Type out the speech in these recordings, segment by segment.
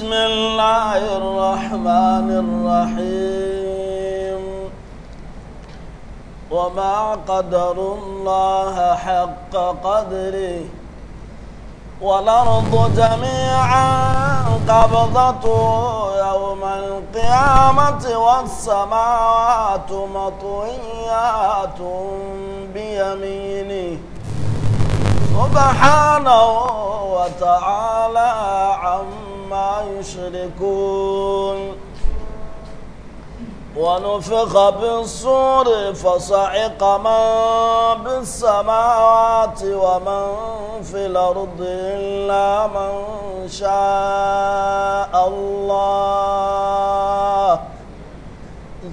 بسم الله الرحمن الرحيم وما قدر الله حق قدره والأرض جميعا قبضته يوم القيامة والسماوات مطويات بيمينه سبحانه وتعالى عما ما يشركون ونفخ بالصور فصعق من بالسماوات ومن في الأرض إلا من شاء الله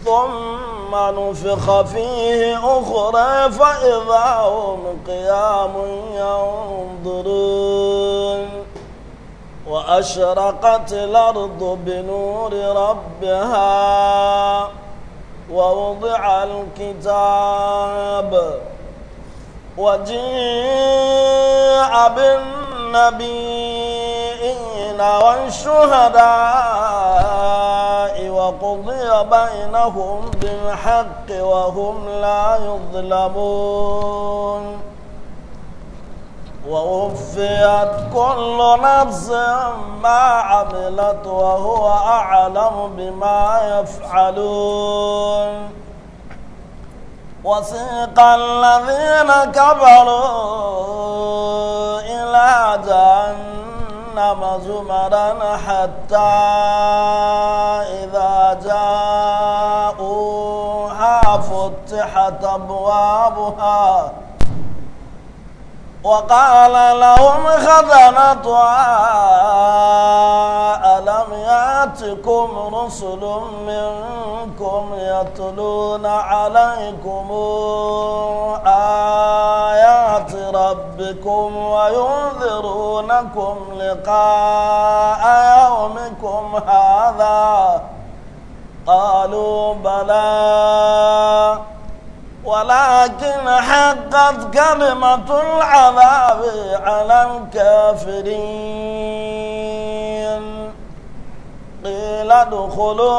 ثم نفخ فيه أخرى فإذا هم قيام ينظرون وأشرقت الأرض بنور ربها ووضع الكتاب وجيء بالنبيين والشهداء وقضي بينهم بالحق وهم لا يظلمون ووفيت كل نفس ما عملت وهو أعلم بما يفعلون وسيق الذين كفروا إلى جهنم زمرا حتى إذا جاءوها فتحت أبوابها وقال لهم خزنتها ألم يأتكم رسل منكم يتلون عليكم آيات ربكم وينذرونكم لقاء يومكم هذا قالوا بلى ولكن حقت كلمة العذاب على الكافرين قيل ادخلوا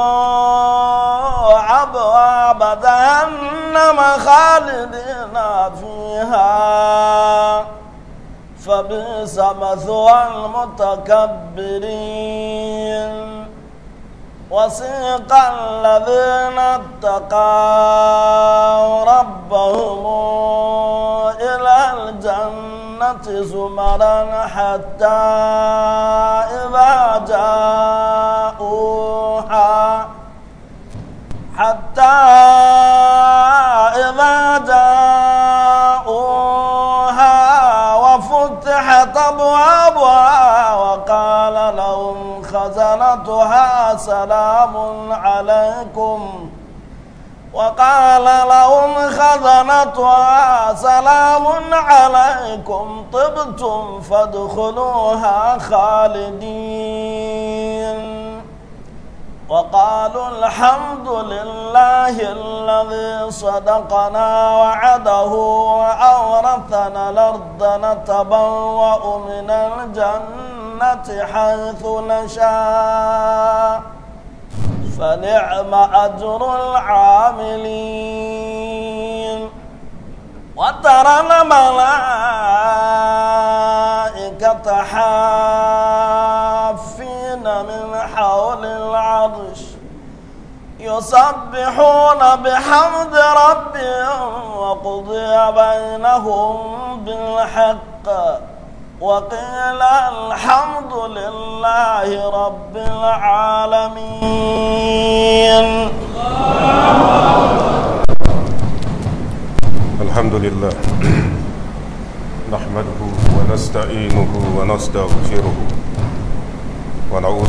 أبواب جهنم خالدين فيها فبئس مثوى المتكبرين وسيق الذين اتقوا ربهم إلى الجنة زمرا حتى إذا جاءوها حتى سنتها سلام عليكم وقال لهم خزنتها سلام عليكم طبتم فادخلوها خالدين وقالوا الحمد لله الذي صدقنا وعده وأورثنا الأرض نتبوأ من الجنة حيث نشاء فنعم أجر العاملين وترى الملائكة حاملين من حول العرش يسبحون بحمد ربهم وقضي بينهم بالحق وقيل الحمد لله رب العالمين الحمد لله نحمده ونستعينه ونستغفره ونعوذ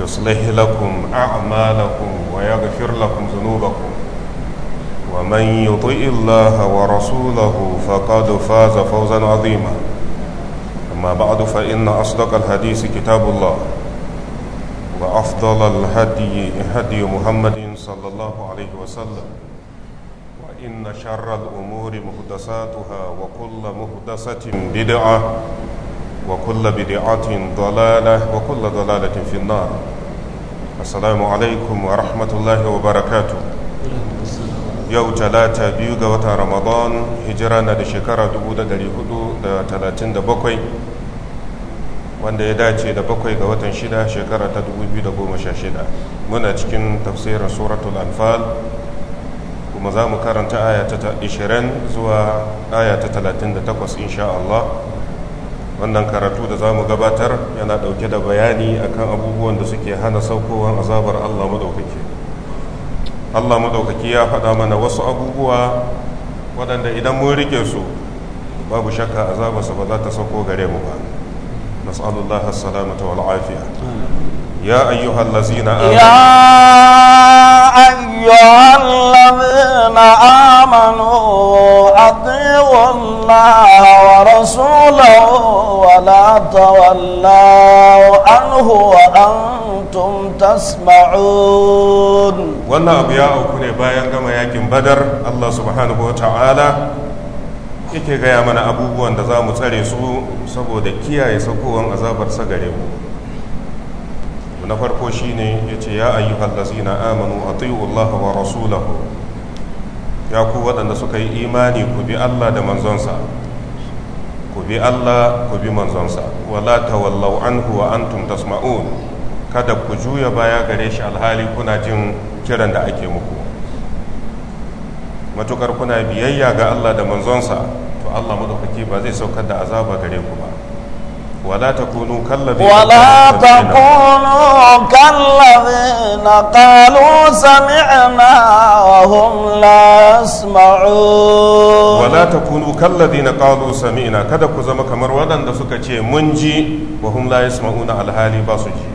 يصلح لكم أعمالكم ويغفر لكم ذنوبكم ومن يطع الله ورسوله فقد فاز فوزا عظيما أما بعد فإن أصدق الحديث كتاب الله وأفضل الهدي هدي محمد صلى الله عليه وسلم وإن شر الأمور محدثاتها وكل محدثة بدعة وكل بدعة ضلالة وكل ضلالة في النار السلام عليكم ورحمة الله وبركاته yau talata biyu ga wata ramadan hijira na da shekara 437 wanda ya dace da bakwai ga watan shida shekara ta 2016 muna cikin tafsirin suratul anfal kuma za mu karanta aya ta 20 zuwa aya ta 38 insha Allah wannan karatu da za mu gabatar yana ɗauke da bayani akan abubuwan da suke hana saukowar azabar allah maɗaukaki allah maɗaukaki ya faɗa mana wasu abubuwa waɗanda idan mun rike su babu shakka azabarsa ba za ta sauko gare mu ba nas'alullah assalamata wal afiya ya ayyuhal lazina amanu أيها الذين آمنوا أطيعوا الله ورسوله ولا تولوا عنه وأنتم تسمعون wannan abu ya auku ne bayan gama yakin badar Allah subhanahu wa ta'ala yake gaya mana abubuwan da za mu tsare su saboda kiyaye sakowan azabar sagare mu na farko shine ya ce ya ayyuhal lazina amanu Allah wa rasulahu ya ku waɗanda suka yi imani ku bi Allah da manzonsa ku bi Allah ku bi manzonsa wala tawallau anhu wa antum tasma'un kada ku juya baya gare shi alhali kuna jin kiran da ake muku matukar kuna biyayya ga Allah da manzonsa to Allah madaukaki ba zai saukar da azaba gare ku ba ولا تكونوا كالذين ولا تكونوا كالذين قالوا سمعنا وهم لا يسمعون ولا تكونوا كالذين قالوا سمعنا kada ku zama kamar waɗanda suka ce mun ji wa hum la yasma'una alhali ba su ji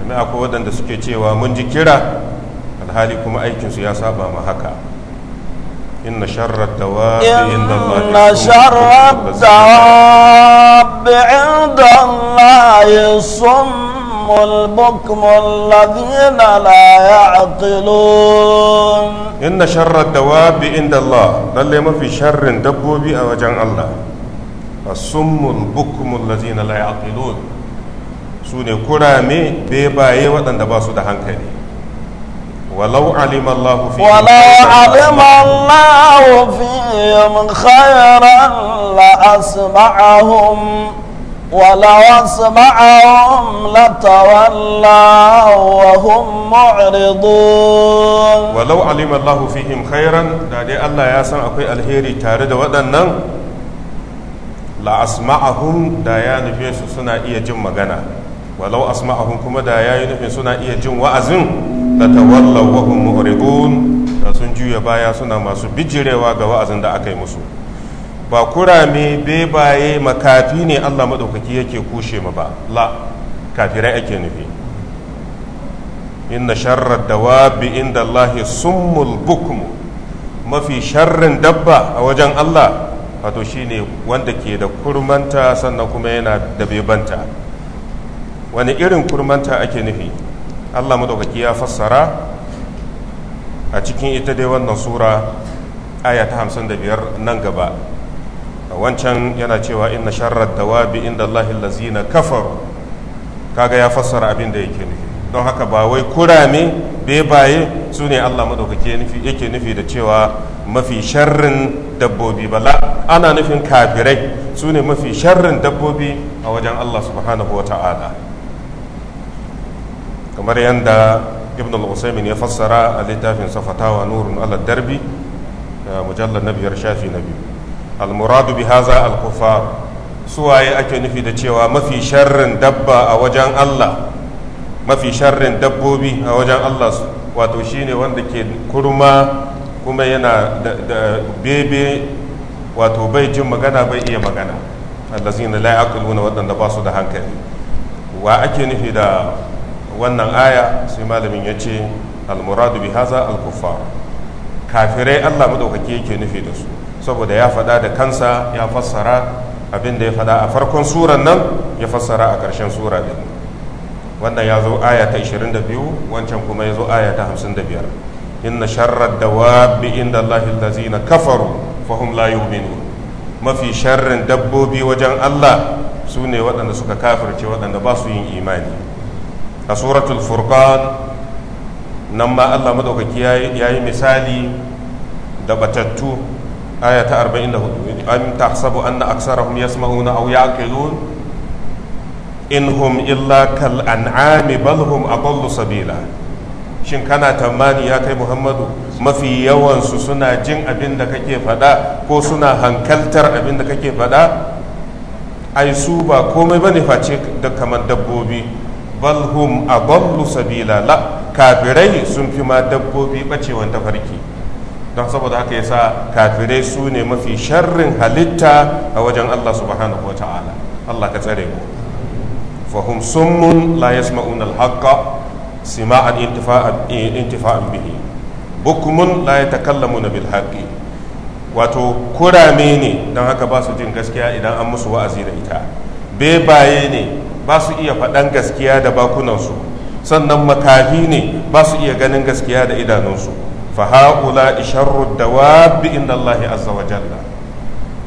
domin waɗanda suke cewa mun ji kira alhali kuma aikinsu ya saba ma haka إن شر الدواب عند الله إن شر الدواب عند الله الصم البكم الذين لا يعقلون إن شر الدواب عند الله بل ما في شر دبوبي أو جن الله الصم البكم الذين لا يعقلون سوني كرامي بيبا وطن دباسو دهان كريم ولو علم الله فيهم ولو علم الله فيهم خيرا لأسمعهم ولو أسمعهم لتولوا وهم معرضون ولو علم الله فيهم خيرا دادي الله ياسن أكوي الهيري تارد ودنن la asma'ahum da ya nufe su suna iya jin magana walau asma'ahum kuma da ya yi nufin suna iya jin wa'azin la wa hum mu'ridun da sun juya baya suna masu bijirewa ga wa'azin da aka yi musu ba kurame bebaye makafi ne Allah madaukaki yake kushe ma ba la kafirai ake nufi inna sharrar dawabi inda Allahi summul bukmu mafi sharrin dabba a wajen Allah wato shine wanda ke da kurmanta sannan kuma yana da bebanta wani irin kurmanta ake nufi Allah madaukaki ya fassara a cikin ita dai wannan sura aya ta hamsin da biyar nan gaba wancan yana cewa inna sharar dawabi inda Allah na kafaru kaga ya fassara abin da yake nufi don haka ba wai kurame bebaye su ne Allah madaukake yake nufi da cewa mafi sharrin dabbobi bala ana nufin kafirai su ne mafi sharrin dabbobi a wajen Allah subhanahu wa ta'ala kamar yadda ibn al-usaimin ya fassara a littafin safatawa nurun ala darbi mujallar na biyar shafi na biyu al-muradu bi haza al suwaye ake nufi da cewa mafi sharrin dabba a wajen allah mafi sharrin dabbobi a wajen allah wato shine wanda ke kurma kuma yana da bebe wato bai jin magana bai iya magana allazina la yaqiluna wadanda ba su da hankali wa ake nufi da wannan aya sai malamin ya ce almuradu bi haza alkuffar kafirai allah maɗaukaki yake nufi da su saboda ya faɗa da kansa ya fassara abin da ya faɗa a farkon suran nan ya fassara a ƙarshen sura ɗin wannan ya zo aya ta 22 wancan kuma ya zo aya ta 55 inna sharrar da wabi inda allahi lazina kafaru fahim la yu'minu mafi sharrin dabbobi wajen allah su ne waɗanda suka kafirce waɗanda ba su yin imani a suratul furqan nan ma allah maɗaukaki ya yi misali da batattu aya ta 44 an tahsabu anna aksarahum yasma'una aw kilun in hum illa kal an'ami bal hum adallu sabila shin kana tamani ya kai muhammadu mafi yawansu suna jin abin da kake faɗa ko suna hankaltar abin da kake faɗa ai su ba komai bane face da kamar dabbobi bal hum adallu sabila la kafirai sun fi ma dabbobi bacewan tafarki don saboda haka yasa kafirai su ne mafi sharrin halitta a wajen Allah subhanahu wata'ala Allah ka tsare mu fahum summun la yasma'un al-haqqa sima'an intifa'an bihi bukumun la yatakallamuna bil haqqi wato kurame ne don haka ba su jin gaskiya idan an musu wa'azi da ita bebaye ne ba su iya faɗan gaskiya da bakunansu sannan makafi ne ba su iya ganin gaskiya da idanunsu fa isharrun isharru dawabi inda Allah azza wa jalla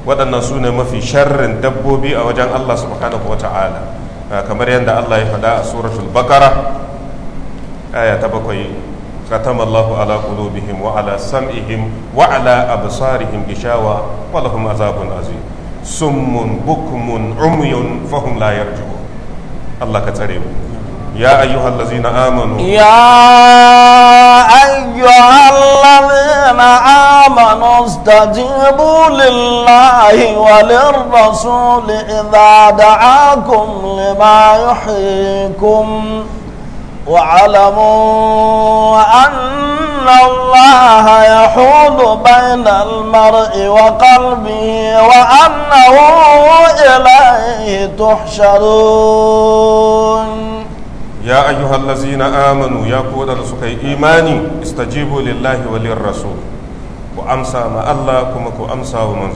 waɗannan su ne mafi sharrin dabbobi a wajen Allah subhanahu wa ta'ala ah, kamar yadda Allah ya faɗa a suratul bakara aya ta bakwai ختم الله على قلوبهم وعلى سمعهم وعلى أبصارهم غشاوة ولهم عذاب عظيم سم بكم عمي فهم لا يرجون الله كتريم يا أيها الذين آمنوا يا أيها الذين آمنوا استجيبوا لله وللرسول إذا دعاكم لما يحييكم واعلموا أن الله يحول بين المرء وقلبه وأنه إليه تحشرون يا أيها الذين آمنوا يا قود سكي إيماني استجيبوا لله وللرسول وأمسى ما الله كمكو أمسى ومن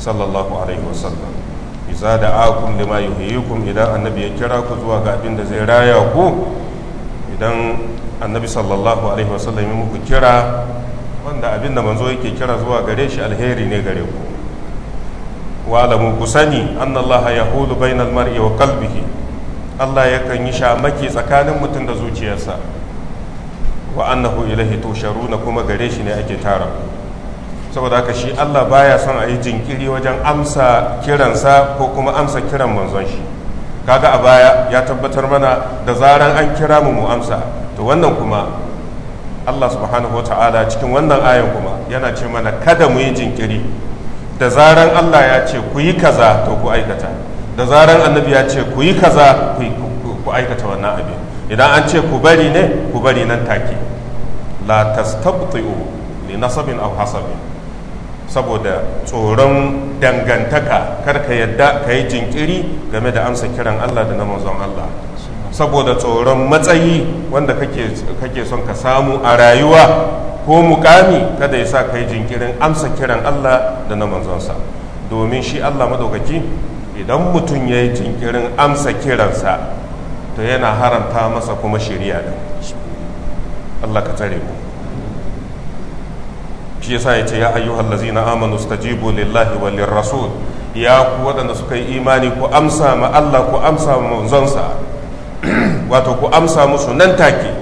صلى الله عليه وسلم iza da akum lima yuhyikum idan annabi ya kira ku zuwa ga abin da zai raya ku idan annabi sallallahu alaihi wasallam ya muku kira wanda abin da manzo yake kira zuwa gare shi alheri ne gare ku wa'lamu ku sani annallaha yahulu bainal mar'i wa qalbihi Allah yakan yi shamaki tsakanin mutum da zuciyarsa wa annahu ilaihi tusharuna kuma gare shi ne ake tara ku saboda haka shi Allah baya son a yi jinkiri wajen amsa kiransa ko kuma amsa kiran manzon shi kaga a baya ya tabbatar mana da zaran an kira mu mu amsa to wannan kuma Allah subhanahu wa ta'ala cikin wannan ayan kuma yana ce mana kada mu yi jinkiri da zaran Allah ya ce ku yi kaza to ku aikata da zaran annabi ya ce ku yi kaza ku aikata wannan abin idan an ce ku bari ne ku bari nan take la tastabti'u li nasabin aw hasabin saboda tsoron dangantaka kar ka yadda ka yi jinkiri game da amsa kiran Allah da na manzon Allah saboda tsoron matsayi wanda kake son ka samu a rayuwa ko mukami kada ya sa ka yi jinkirin amsa kiran Allah da na manzonsa domin shi Allah madaukaki idan mutum ya yi jinkirin amsa kiransa to yana haramta masa kuma shirya da Allah ka tare mu shi yasa ya ce ya ayyuhal ladzina amanu stajibu lillahi wa lirrasul ya ku waɗanda suka yi imani ku amsa ma Allah ku amsa ma manzonsa wato ku amsa musu nan take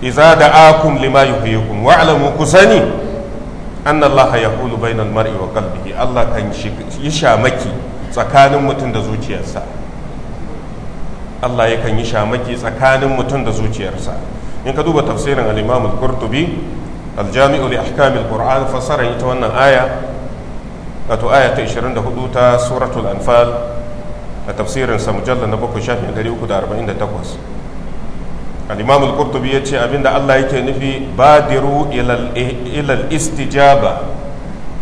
idza da'akum lima yuhyikum wa'lamu ku sani anna Allah yaqulu bainal mar'i wa qalbihi Allah kan yi shamaki tsakanin mutum da zuciyarsa Allah yakan yi shamaki tsakanin mutum da zuciyarsa in ka duba tafsirin al-Imam al-Qurtubi aljami'u li ahkamil qur'an fassara ita wannan aya wato aya ta 24 ta suratul anfal a tafsirin sa mujallal na 7 shafin 348 al-imam al-qurtubi yace abinda Allah yake nufi badiru ila al-istijaba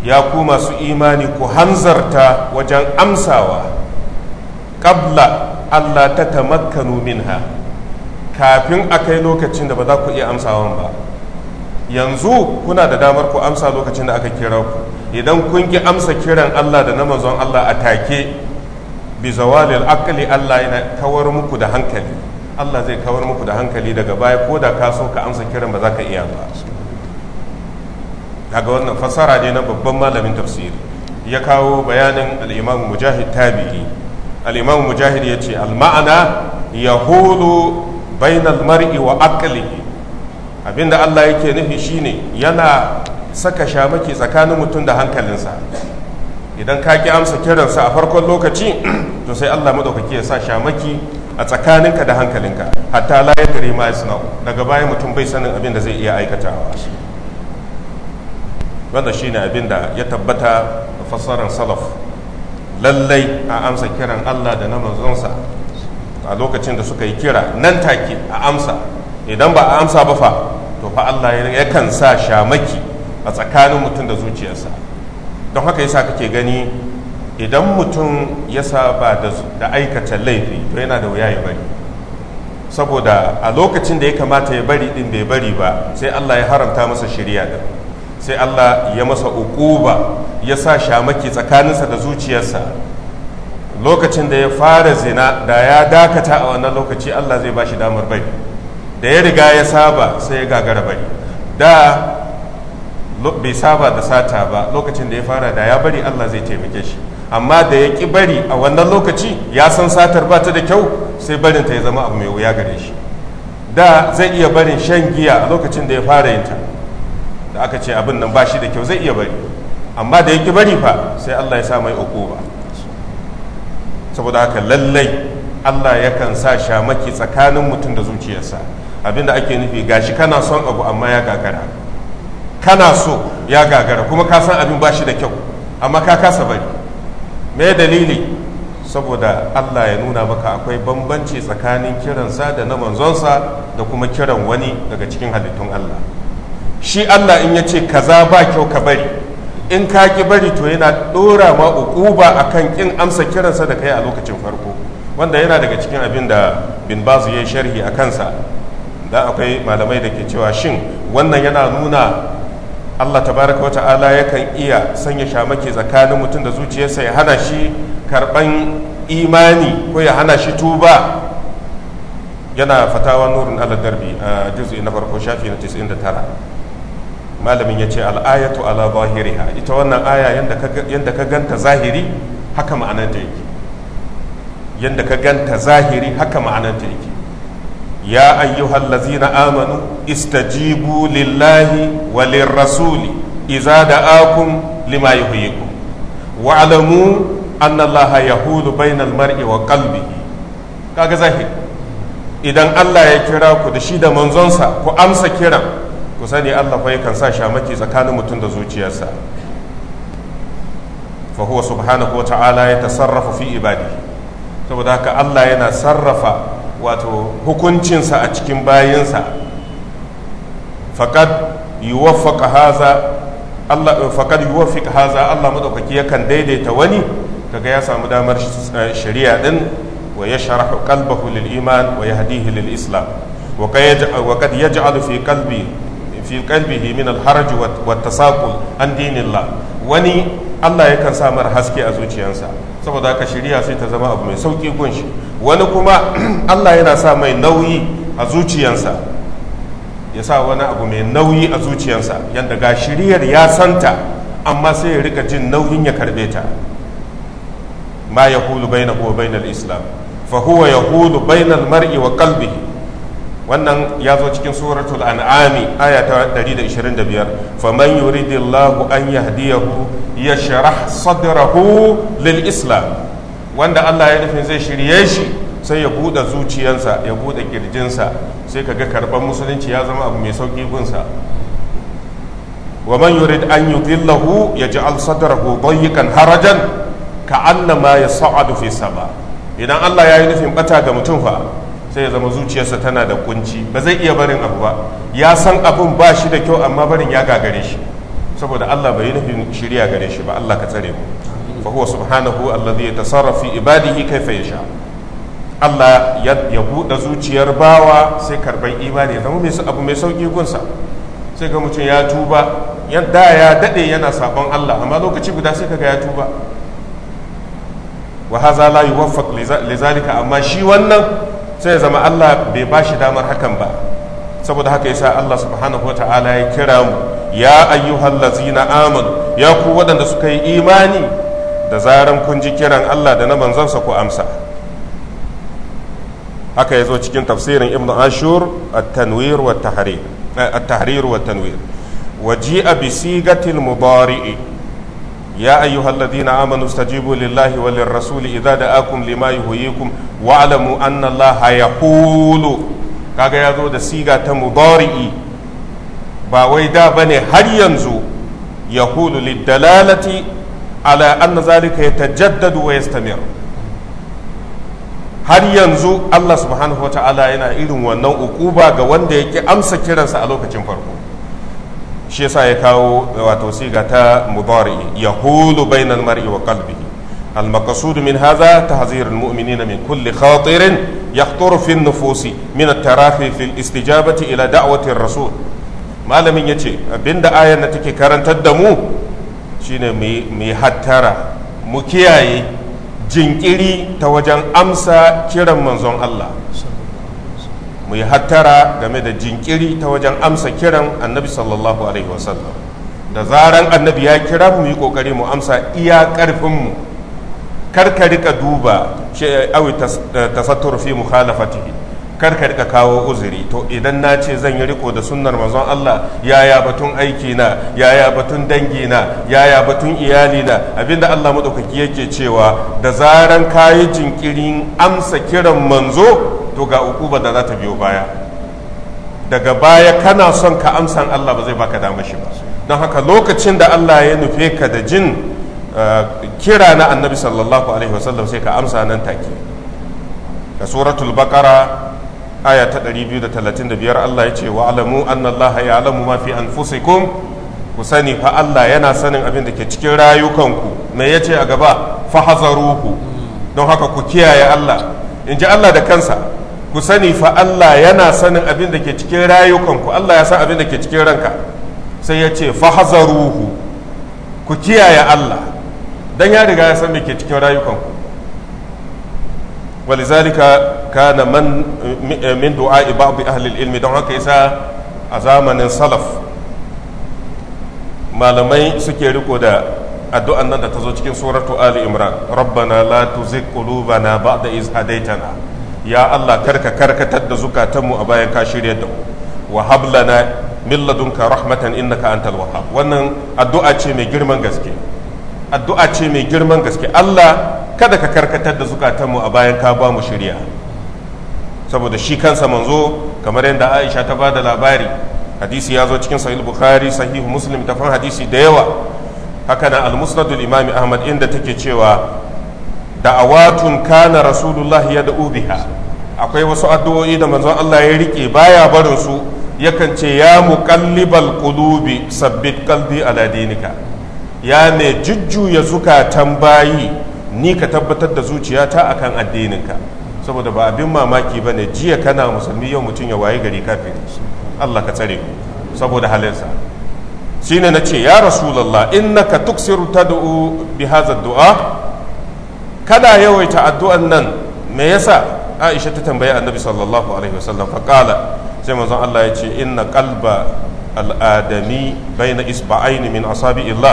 ya ku masu imani ku hanzarta wajen amsawa qabla Allah ta tamakkanu minha kafin a kai lokacin da ba za ku iya amsawan ba yanzu kuna da damar ku amsa lokacin da aka kira ku idan kun ki amsa kiran Allah da na manzon Allah a take bi zawalil akali Allah yana kawar muku da hankali Allah zai kawar muku da hankali daga baya ko da ka so ka amsa kiran ba za ka iya ba daga wannan fasara ne na babban malamin tafsiri ya kawo bayanin al-Imam Mujahid tabi'i al-Imam Mujahid ce al-ma'ana yahulu bainal mar'i wa aqlihi abinda Allah yake nufi shine yana saka shamaki tsakanin mutum da hankalinsa idan ka ki amsa kiransa a farkon lokaci to sai Allah madaukaki ya sa shamaki a tsakaninka da hankalinka hatta la ya dare ma isna daga baya mutum bai sanin abin da zai iya aikatawa wanda shine abin da ya tabbata fassarar salaf lallai a amsa kiran Allah da na manzonsa a lokacin da suka yi kira nan take a amsa idan ba a amsa ba fa to fa Allah yakan sa shamaki a tsakanin mutum da zuciyarsa don haka yasa kake gani idan mutum ya saba da aikata laifi to yana da wuya ya bari saboda a lokacin da ya kamata ya bari din bai bari ba sai Allah ya haramta masa shirya da sai Allah ya masa ukuba ya sa shamaki tsakaninsa da zuciyarsa lokacin da ya fara zina da ya dakata a wannan lokaci Allah zai ba shi damar bari da ya riga ya saba sai ya gagara bari da bai saba da sata ba lokacin da ya fara da ya bari Allah zai taimake shi amma da ya ki bari a wannan lokaci ya san satar ba ta da kyau sai barinta ya zama abu mai wuya gare shi da zai iya barin shan giya a lokacin da ya fara yin ta da aka ce abin nan ba shi da kyau zai iya bari amma da ya ki bari fa sai Allah ya sa mai ba saboda haka lallai Allah yakan sa shamaki tsakanin mutum da zuciyarsa abinda ake nufi gashi kana son abu amma ya gagara kana so ya gagara kuma ka san abin bashi da kyau amma ka kasa bari me dalili saboda Allah ya nuna maka akwai bambanci tsakanin kiransa da na manzonsa da kuma kiran wani daga cikin halittun Allah shi Allah in ya ce kaza ba kyau ka bari in ka ki bari to yana dora ma ukuba akan kin amsa kiransa da kai a lokacin farko wanda yana daga cikin abin da bin bazu ya sharhi a kansa da akwai malamai da ke cewa shin wannan yana nuna allah tabaraka wa ta'ala yakan iya sanya shamaki tsakanin mutum da zuciyarsa ya hana shi karban imani ko ya hana shi tuba yana fatawa nurin ala darbi a juz'i na farko shafi na 99 malamin ya ce al'ayatu ala zahiriha ita wannan aya yadda ka ganta zahiri haka ma'ananta yake yadda ka ganta zahiri haka ma'ananta yake ya ayyuhal lazina amanu istajibu lillahi wa lirrasuli idza da'akum lima yuhyikum wa'lamu anna allaha yahulu bainal mar'i wa qalbihi kaga zahiri idan Allah ya kira ku da shi da manzonsa ku amsa kiran ku sani Allah fa yakan sa shamaki tsakanin mutum da zuciyarsa fa huwa subhanahu ta'ala ya tasarrafa fi ibadi saboda haka Allah yana sarrafa wato hukuncinsa a cikin bayinsa faƙad yuwaffaka haza Allah faƙad haza Allah madaukaki yakan daidaita wani kaga ya samu damar eh, shari'a din wa yashrahu qalbahu lil iman wa yahdihi lil islam wa qad yaj'alu fi kalbi. fi qalbihi min al wata wa tasaqul an dinillah wani Allah yakan sa mar haske a zuciyarsa saboda haka shari'a sai ta zama abu mai sauki gunshi wani kuma Allah yana sa mai nauyi a zuciyarsa ya sa wani abu mai nauyi a zuciyarsa yadda ga shiriyar ya santa amma sai ya rika jin nauyin ya karbe ta ma yahulu bainahu wa bainal islam fa huwa yahulu bainal mar'i wa qalbihi wannan ya zo cikin suratul an'ami aya ta 125 faman yuridillahu an yahdiyahu yashrah sadrahu lil islam wanda Allah ya nufin zai shirye shi sai ya bude zuciyansa ya bude kirjinsa sai kaga karban musulunci ya zama abu mai sauki gunsa ومن يريد أن يضله يجعل صدره ضيقا harajan كأنما يصعد في السماء idan Allah ya yi nufin bata ga mutum fa sai ya zama zuciyarsa tana da kunci ba zai iya barin abu ba ya san abun ba shi da kyau amma barin ya gagare shi saboda Allah bai nufin shirya gare shi ba Allah ka tsare mu fa huwa subhanahu alladhi yatasarrafu ibadihi kayfa yasha Allah ya buɗe zuciyar bawa sai karban imani zama mai abu mai sauki gunsa sai ga mutum ya tuba yadda ya dade yana sabon Allah amma lokaci guda sai kaga ya tuba wa haza la yuwaffaq lizalika amma shi wannan sai zama Allah bai ba shi damar hakan ba saboda haka yasa Allah subhanahu ta'ala ya kira mu ya ayyuhal ladzina amanu ya ku waɗanda suka yi imani da zaran kun ji kiran Allah da na sa ku amsa haka ya zo cikin tafsirin ibn ashur at-tanwir wa at-tahrir eh, at-tahrir wa at-tanwir waji'a bi sigatil mudari'i يا أيها الذين آمنوا استجيبوا لله وللرسول إذا دعاكم لما يهويكم واعلموا أن الله يقول kaga ya zo da siga ta mudari'i ba wai da bane har yanzu ya hulu lidalalati ala anna zalika ya tajaddadu wa yastamir har yanzu Allah subhanahu wa ta'ala yana irin wannan ukuba ga wanda ya ki amsa kiransa a lokacin farko shi yasa ya kawo wato siga ta mudari yahulu bainal mar'i wa qalbihi al maqsud min hadha tahzir al mu'minina min kulli khatirin yahtur fi an-nufus min at fi al-istijabati ila da'wati ar-rasul malamin yace abinda ayar na take karantar da mu shine mu hattara mu kiyaye jinkiri ta wajen amsa kiran manzon Allah mu yi hattara game da jinkiri ta wajen amsa kiran annabi sallallahu alaihi wasallam da zaran annabi ya kira mu yi kokari mu amsa iya karfinmu karka rika duba awi eh, tasattur fi mukhalafatihi karka rika kawo uzuri to idan na ce zan yi riko da sunnar manzon Allah yaya batun aiki na yaya batun dangi na yaya batun iyali na abinda Allah madaukaki yake cewa da zaran kayi jinkirin amsa kiran manzo to ga ukuba da za ta biyo baya daga baya kana son ka amsan Allah ba zai baka damar shi ba don haka lokacin da Allah ya nufe ka da jin eh, kira na annabi sallallahu alaihi wasallam sai ka amsa nan take da suratul baqara aya ta 235 Allah ya ce wa alamu anna Allah ya alamu ma fi anfusikum ku sani fa Allah yana sanin abin da ke cikin rayukanku me yace a gaba fa hazaruhu don haka ku kiyaye Allah in ji Allah da kansa ku sani fa Allah yana sanin abin da ke cikin rayukanku Allah ya san abin da ke cikin ranka sai ya ce fahazaruhu ku kiyaye Allah dan ya riga ya san me ke cikin rayukanku walizalika kana man eh, min du'a ba'd ahli ilmi don haka isa a zamanin salaf malamai suke riko da addu'an nan da ta zo cikin suratu ali imran rabbana la tuzigh qulubana ba'da iz hadaytana ya Allah karka karkatar da zukatanmu a bayan ka shirya da wa hablana min ladunka rahmatan innaka antal wahhab wannan addu'a ce mai girman gaske addu'a ce mai girman gaske Allah kada ka karkatar da zukatanmu a bayan ka ba mu shirya saboda shi kansa manzo kamar yadda Aisha ta ba da labari hadisi ya zo cikin sahih bukhari sahih muslim ta fan hadisi da yawa haka na al imami ahmad inda take cewa da da'awatun kana rasulullahi ya da'u biha akwai wasu addu'o'i da manzon Allah ya rike baya barin su yakan ce ya muqallibal qulubi sabbit qalbi ala dinika ya ne jujjuya zukatan bayi ni ka tabbatar da zuciyata akan addininka saboda ba abin mamaki ba ne jiya kana musulmi yau mutum ya waye gari kafin Allah ka tsare ku saboda halinsa shine na ce ya rasulallah innaka tuksiru tad'u bi hadha du'a kada yawaita addu'an nan me yasa aisha ta tambayi annabi sallallahu alaihi wasallam fa sai manzon Allah ya ce inna kalba al'adami baina isba'aini min illa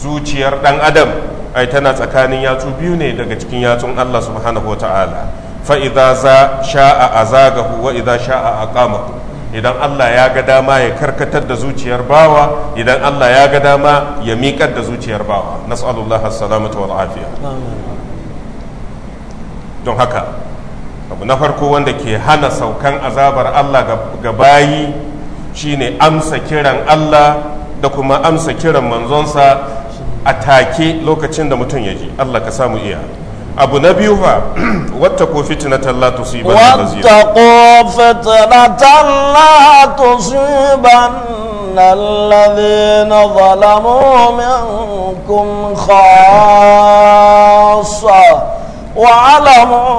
zuciyar ɗan adam ai tana tsakanin yatsu biyu ne daga cikin yatsun Allah subhanahu wa ta'ala fa za sha'a azagahu wa idza sha'a aqamahu idan Allah ya ga dama ya karkatar da zuciyar bawa idan Allah ya ga dama ya miƙar da zuciyar bawa nas'alullah as wal afiya don haka abu na farko wanda ke hana saukan azabar Allah ga bayi shine amsa kiran Allah da kuma amsa kiran manzonsa a take lokacin da mutum ya ji Allah ka samu iya abu na biyu fa wata ko fitnatan la tusiban wata ko fitnatan الذين ظلموا منكم خاصة واعلموا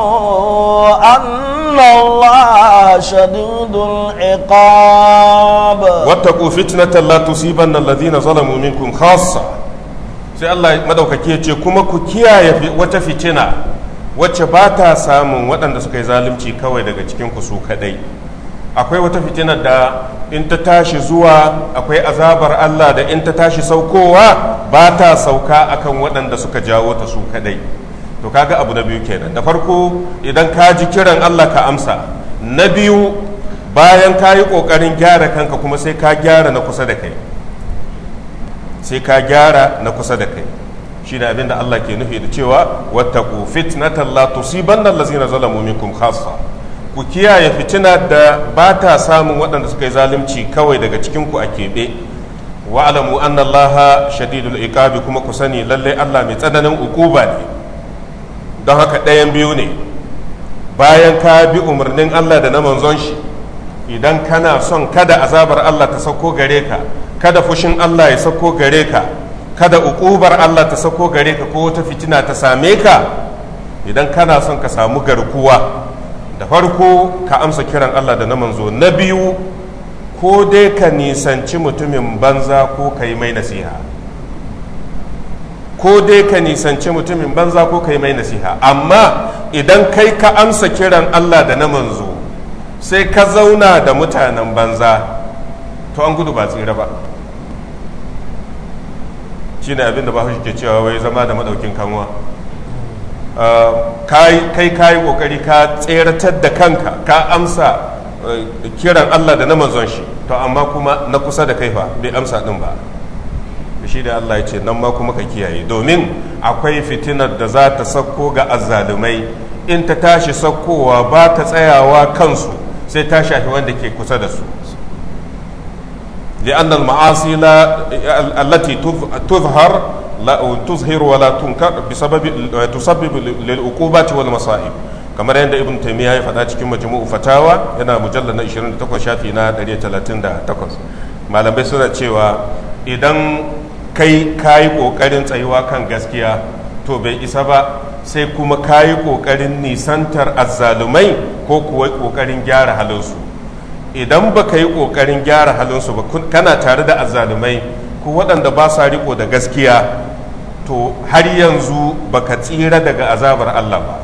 أن الله شديد العقاب واتقوا فتنة لا تصيبن الذين ظلموا منكم خاصة sai Allah madaukake ya ce kuma ku kiyaye wata fitina wacce ba ta samun waɗanda suka yi zalunci kawai daga cikin ku su kadai akwai wata fitina da in ta tashi zuwa akwai azabar Allah da in ta tashi saukowa ba ta sauka akan waɗanda suka jawo ta su kadai to kaga abu na biyu kenan da farko idan ka ji kiran Allah ka amsa na biyu bayan ka yi ƙoƙarin gyara kanka kuma sai ka gyara na kusa da kai sai ka gyara na kusa da kai shi ne abinda Allah ke nufi da cewa wattaku fitnatan la nan allazina zalamu minkum khassa ku kiyaye fitina da ba ta samun waɗanda suka yi zalunci kawai daga cikin ku a keɓe wa'lamu anna Allah shadidul iqabi kuma ku sani lalle Allah mai tsananin ukuba ne don haka ɗayan biyu ne bayan ka bi umarnin Allah da na manzon shi idan kana son kada azabar Allah ta sauko gare ka kada fushin Allah ya sako gare ka kada uƙubar Allah ta sako gare ka ko wata fitina ta same ka idan kana son ka samu garkuwa da farko ka amsa kiran Allah da na manzo na biyu ko dai ka nisanci mutumin banza ko ka yi mai nasiha ko dai ka nisanci mutumin banza ko ka yi mai nasiha amma idan kai ka amsa kiran Allah da na manzo sai ka zauna da mutanen banza to an gudu ba tsira ba ne abin da bahaushe ke cewa wai zama da madaukin kanwa ah, kai kayi kokari ka tseratar da kanka ka amsa eh, kiran Allah da na manzon shi to amma kuma na kusa da kai fa bai amsa din ba shi da Allah ya ce nan ma kuma ka kiyaye domin akwai fitinar da za ta sakko ga azzalumai in ta tashi sakkowa ba ta tsayawa kansu sai ta shafi wanda ke kusa da su لأن المعاصي لا التي تظهر لا تظهر ولا تنكر بسبب تسبب للعقوبات والمصائب kamar yadda ibn taymiya ya faɗa cikin majmu'u fatawa yana mujallar na 28 shafi na 138 malamai suna cewa idan kai kayi kokarin tsayuwa kan gaskiya to bai isa ba sai kuma kayi kokarin nisantar azzalumai ko kuwa kokarin gyara halinsu idan ba ka yi ƙoƙarin gyara halinsu ba kana tare da azzalumai ko waɗanda ba sa riko da gaskiya to har yanzu ba ka tsira daga azabar Allah ba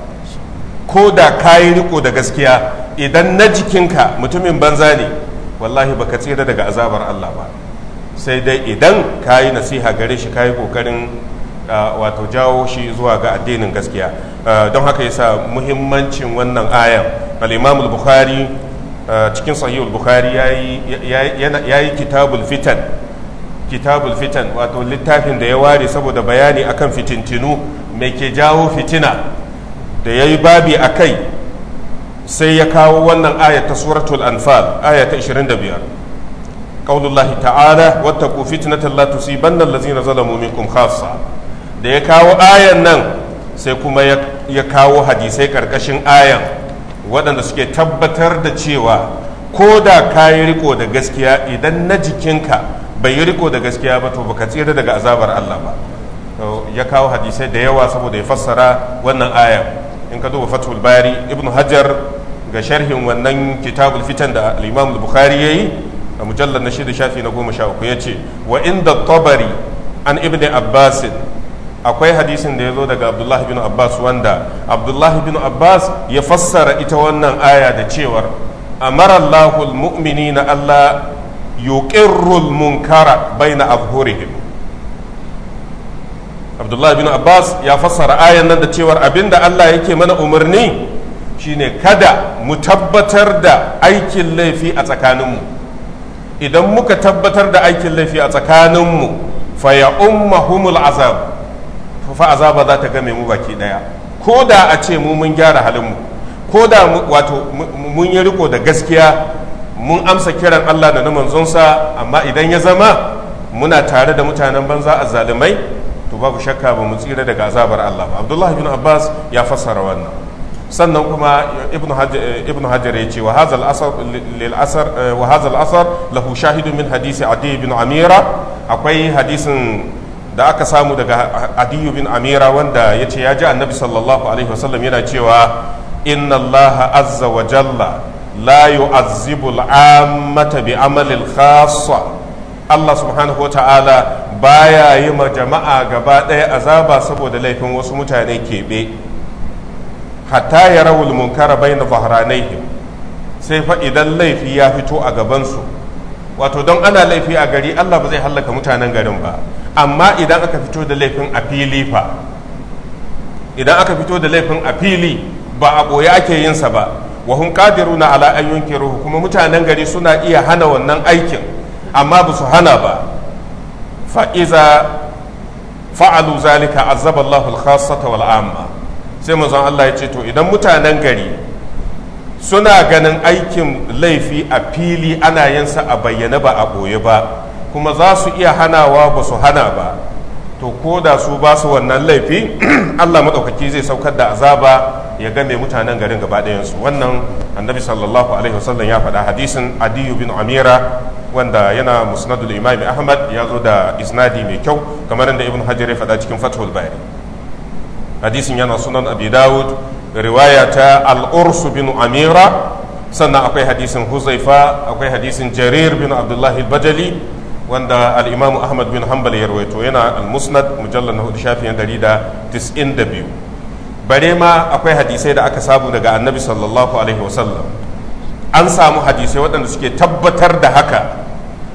ko da ka yi riko da gaskiya idan na jikinka mutumin banza ne wallahi ba ka tsira daga azabar Allah ba sai dai idan ka yi nasiha gare shi ka yi ƙoƙarin wato jawo shi zuwa ga addinin gaskiya don haka yasa muhimmancin wannan ayan al-imam al-bukhari Eh, cikin sahihul bukhari ya yi kitabul fitan kitabul fitan wato littafin da ya ware saboda bayani akan fitintinu mai ke jawo fitina da ya yi babi a kai sai ya kawo wannan ayat ta suratul anfal ayat 25 qaulullahi ta'ala wattaqu fitnatan la tusibanna allazina zalamu minkum khassa da ya kawo ayan nan sai kuma ya kawo hadisai karkashin ayan waɗanda suke tabbatar da cewa ko da ka yi riko da gaskiya idan na jikinka bai yi riko da gaskiya ba to baka tsira daga azabar Allah ba ya kawo hadisai da yawa saboda ya fassara wannan aya in ka duba fathul bari ibnu hajar ga sharhin wannan kitabul fitan da al-imam al-bukhari yayi a mujallar na shida shafi na goma sha uku ya ce wa inda tabari an ibn abbasin akwai hadisin da ya zo daga abdullahi bin abbas wanda abdullahi bin abbas ya fassara ita wannan aya da cewar amarallahu almu'mini na allah yuqirrul munkara baina abhurihim abdullahi bin abbas ya fassara ayan nan da cewar abinda allah yake mana umarni shine kada mu tabbatar da aikin laifi a tsakaninmu idan muka tabbatar da aikin laifi a tsakaninmu fa ya ummahumul azab fa azaba za ta game mu baki daya ko da a ce mu mun gyara halinmu ko da wato mun yi riko da gaskiya mun amsa kiran Allah da na manzonsa amma idan ya zama muna tare da mutanen banza azzalumai to babu shakka ba mu tsira daga azabar Allah ba Abdullah bin Abbas ya fassara wannan sannan kuma ibn hajar ya ce wa hazal asar eh, lahu shahidu min hadisi adi bin amira akwai hadisin da aka samu daga adiyu bin amira wanda ya ce ya ji annabi sallallahu alaihi wasallam yana cewa inna allaha azza wa jalla la yu'azzibu al'ammata bi amalil khassa Allah subhanahu wa ta'ala baya yi ma jama'a gaba ɗaya azaba saboda laifin wasu mutane keɓe hatta ya rawul munkara na zahranaihim sai fa idan laifi ya fito a gabansu wato don ana laifi a gari Allah ba zai hallaka mutanen garin ba amma idan aka fito da laifin a fili fa idan aka fito da laifin a fili ba a ɓoye ake yin sa ba wahun kadiru na ala an ruhu kuma mutanen gari suna iya hana wannan aikin amma ba su hana ba fa'iza fa'alu zalika azaba Allahu al wal sai manzon Allah ya ce to idan mutanen gari suna ganin aikin laifi a fili ana yinsa a bayyana ba a ɓoye ba kuma za su iya hanawa ba su hana ba to ko da su ba su wannan laifi allah maɗaukaki zai saukar da azaba ya game mutanen garin gaba ɗayansu wannan annabi sallallahu alaihi wasallam ya faɗa hadisin adiyu bin amira wanda yana musnadul imami ahmad ya zo da isnadi mai kyau kamar da ibn hajar ya faɗa cikin fathul bayani hadisin yana sunan abi dawud riwaya ta al'ursu bin amira sannan akwai hadisin huzaifa akwai hadisin jarir bin abdullahi bajali wanda al'imamu ahmad bin hanbal ya rawaito yana al-musnad mujallar na hudu shafiyan dari da tis'in da biyu bare ma akwai hadisai da aka samu daga annabi sallallahu alaihi wasallam an samu hadisai waɗanda suke tabbatar da haka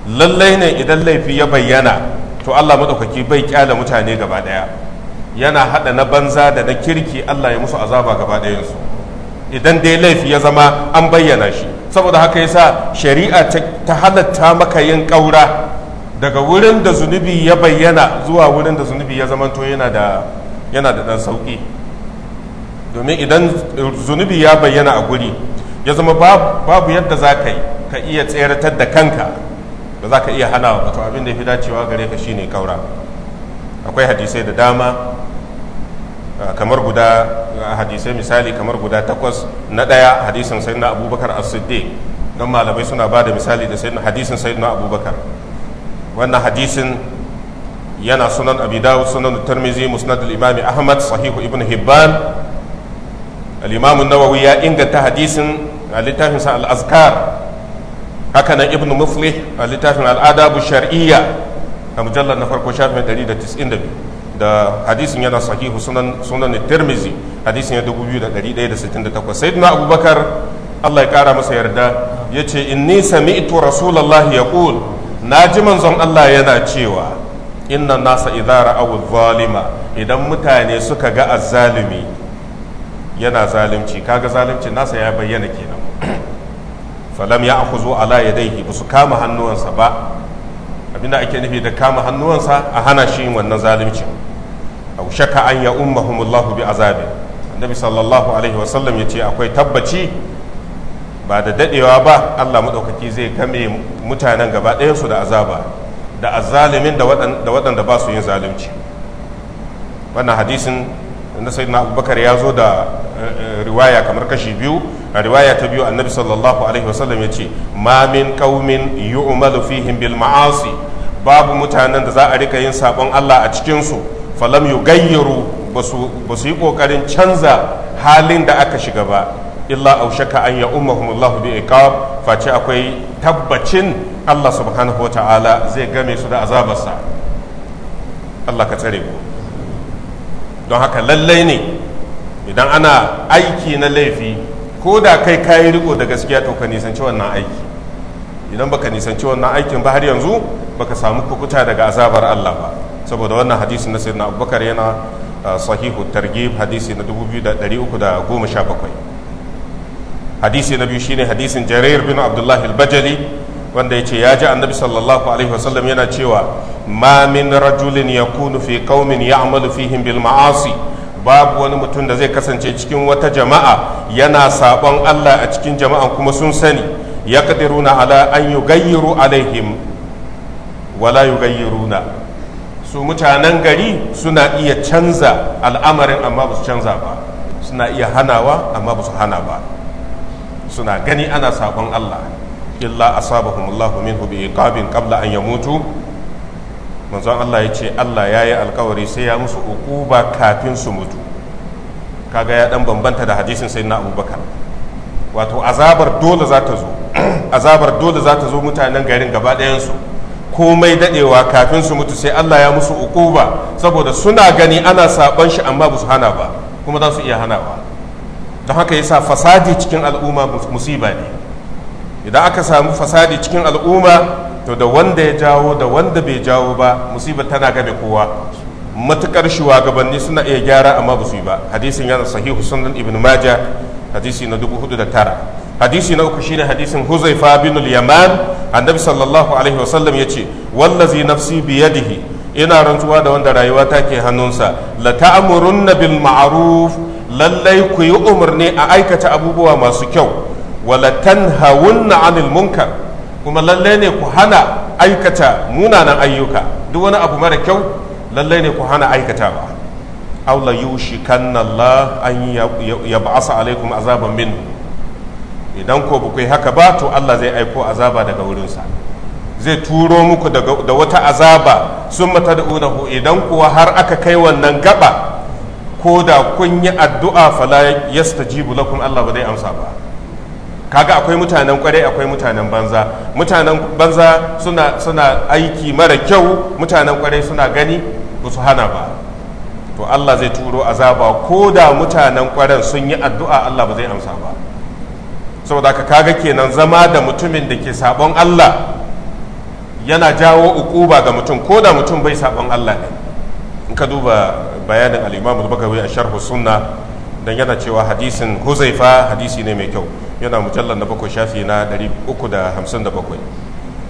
lallai ne idan laifi ya bayyana to allah maɗaukaki bai kyala mutane gaba ɗaya yana haɗa na banza da na kirki allah ya musu azaba gaba ɗayansu idan dai laifi ya zama an bayyana shi saboda haka yasa shari'a ta halatta maka yin ƙaura daga wurin da zunubi ya bayyana zuwa wurin da zunubi ya zama yana da yana da dan sauki domin idan zunubi ya bayyana a guri ya zama babu yadda za ka ka iya tseratar da kanka da za ka iya hana wato abin da ya fi dacewa gare ka ne kaura akwai hadisai da dama kamar guda hadisai misali kamar guda takwas na ɗaya hadisin sayyidina abubakar as-siddiq don malamai suna ba da misali da hadisin sayyidina abubakar wannan hadisin yana sunan abi dawud sunan tarmizi musnad al-imam ahmad sahihu ibn hibban al-imam an-nawawi ya inganta hadisin a littafin sa al-azkar haka nan ibn muflih a littafin al-adab shar'iyya a mujallar na farko shafin 192 da hadisin yana sahihu sunan sunan tarmizi hadisin ya 2168 sayyidina abubakar Allah ya kara masa yarda yace inni sami'tu rasulullahi yaqul na ji manzon Allah yana cewa inna nasa idza ra'aw zalima idan mutane suka ga azzalumi yana zalunci kaga zalunci nasa ya bayyana kenan falam ya akuzo ala daihi ba su kama hannuwansa ba abinda ake nufi da kama hannuwansa a hana shi wannan zalimcin au shakka an ya ummahumullahu bi azabin annabi sallallahu alaihi wasallam yace akwai tabbaci ba da dadewa ba Allah maɗaukaki zai game mutanen gaba ɗayansu da azaba da azalimin da waɗanda ba su yin zalunci wannan hadisin na sayyidina abubakar ya zo da eh, eh, riwaya kamar kashi biyu a riwaya ta biyu annabi sallallahu alaihi wasallam ya ce ma min qaumin yu'malu fihim bil ma'asi babu mutanen da za a rika yin sabon Allah a cikin su falam yugayyiru basu basu yi kokarin canza halin da aka shiga ba illa aushaka an ya ummahum Allah bi iqab face akwai tabbacin Allah subhanahu wata'ala zai game su da azabarsa Allah ka tsare mu don haka lallai ne idan ana aiki na laifi ko da kai kayi riko da gaskiya to ka nisanci wannan aiki idan baka nisanci wannan aikin ba har yanzu baka samu kukuta daga azabar Allah ba saboda wannan hadisi na sayyidina Abubakar yana ah, sahihu targhib hadisi na 2317 hadisi na biyu shine hadisin jarir bin abdullahi al-bajali wanda ya ce ya ji annabi sallallahu alaihi wasallam yana cewa ma min rajulin yakunu fi qaumin ya'malu fihim bil ma'asi babu wani mutum da zai kasance cikin wata jama'a yana sabon Allah a cikin jama'an kuma sun sani ya kadiruna ala an yugayyiru alaihim wala yugayyiruna su mutanen gari suna iya canza al'amarin amma ba su canza ba suna iya hanawa amma ba su hana ba suna gani ana sakon Allah illa asabahum Allahu minhu bi iqabin qabla an yamutu manzon Allah ya ce Allah ya yi alkawari sai ya musu ukuba kafin su mutu kaga ya dan bambanta da hadisin sai na abubakar wato azabar dole za ta zo azabar dole za ta zo mutanen garin gaba su komai dadewa kafin su mutu sai Allah ya musu ukuba saboda suna gani ana sakon shi amma ba su hana ba kuma za su iya hanawa don haka yasa fasadi cikin al'umma musiba ne idan aka samu fasadi cikin al'umma to da wanda ya jawo da wanda bai jawo ba musiba tana game kowa matukar shugabanni suna iya gyara amma ba su yi ba hadisin yana sahihu sunan ibn maja hadisi na 409 hadisi na uku shine hadisin huzaifa bin al-yaman annabi sallallahu alaihi wasallam yace wallazi nafsi biyadihi ina rantsuwa da wanda rayuwa take hannunsa la ta'murunna bil ma'ruf lallai ku yi umarni a aikata abubuwa masu kyau wala tanhawunna anil munkar kuma lallai ne ku hana aikata munanan ayyuka duk wani abu mara kyau lallai ne ku hana aikatawa aw la yushikanna Allah an yab'asa alaikum azaban min idan ko ku yi haka ba to Allah zai aiko azaba daga wurinsa zai turo muku da wata azaba sun mata da idan kuwa har aka kai wannan gaba ko da kun yi addu'a fala yastajibu lakum Allah ba zai amsa ba kaga akwai mutanen kwarai akwai mutanen banza mutanen banza suna aiki mara kyau mutanen kwarai suna gani ba su hana ba to Allah zai turo azaba ko da mutanen kwarai sun yi addu'a Allah ba zai amsa ba saboda ka kaga kenan zama da mutumin da ke sabon Allah yana jawo ukuba ga mutum ko da mutum bai sabon Allah ne in ka duba bayanin al-imam al-bakawi a sharh sunna dan yana cewa hadisin huzaifa hadisi ne mai kyau yana mujallar na bakwai shafi na 357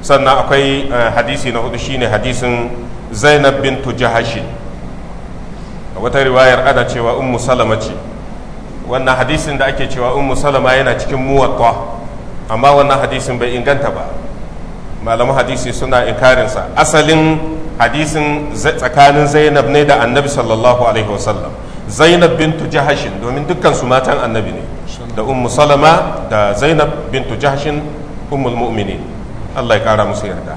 sannan akwai eh, hadisi na hudu shine hadisin zainab bintu jahashi a wata riwayar ana cewa ummu salama ce wannan hadisin da ake cewa ummu salama yana cikin muwatta amma wannan hadisin bai inganta ba malaman hadisi suna inkarinsa asalin hadisin tsakanin zainab ne da annabi sallallahu alaihi wasallam zainab bintu jahashin domin dukkan su matan annabi ne da ummu salama da zainab bintu jahashin ummul mu'minin allah ya kara musu yarda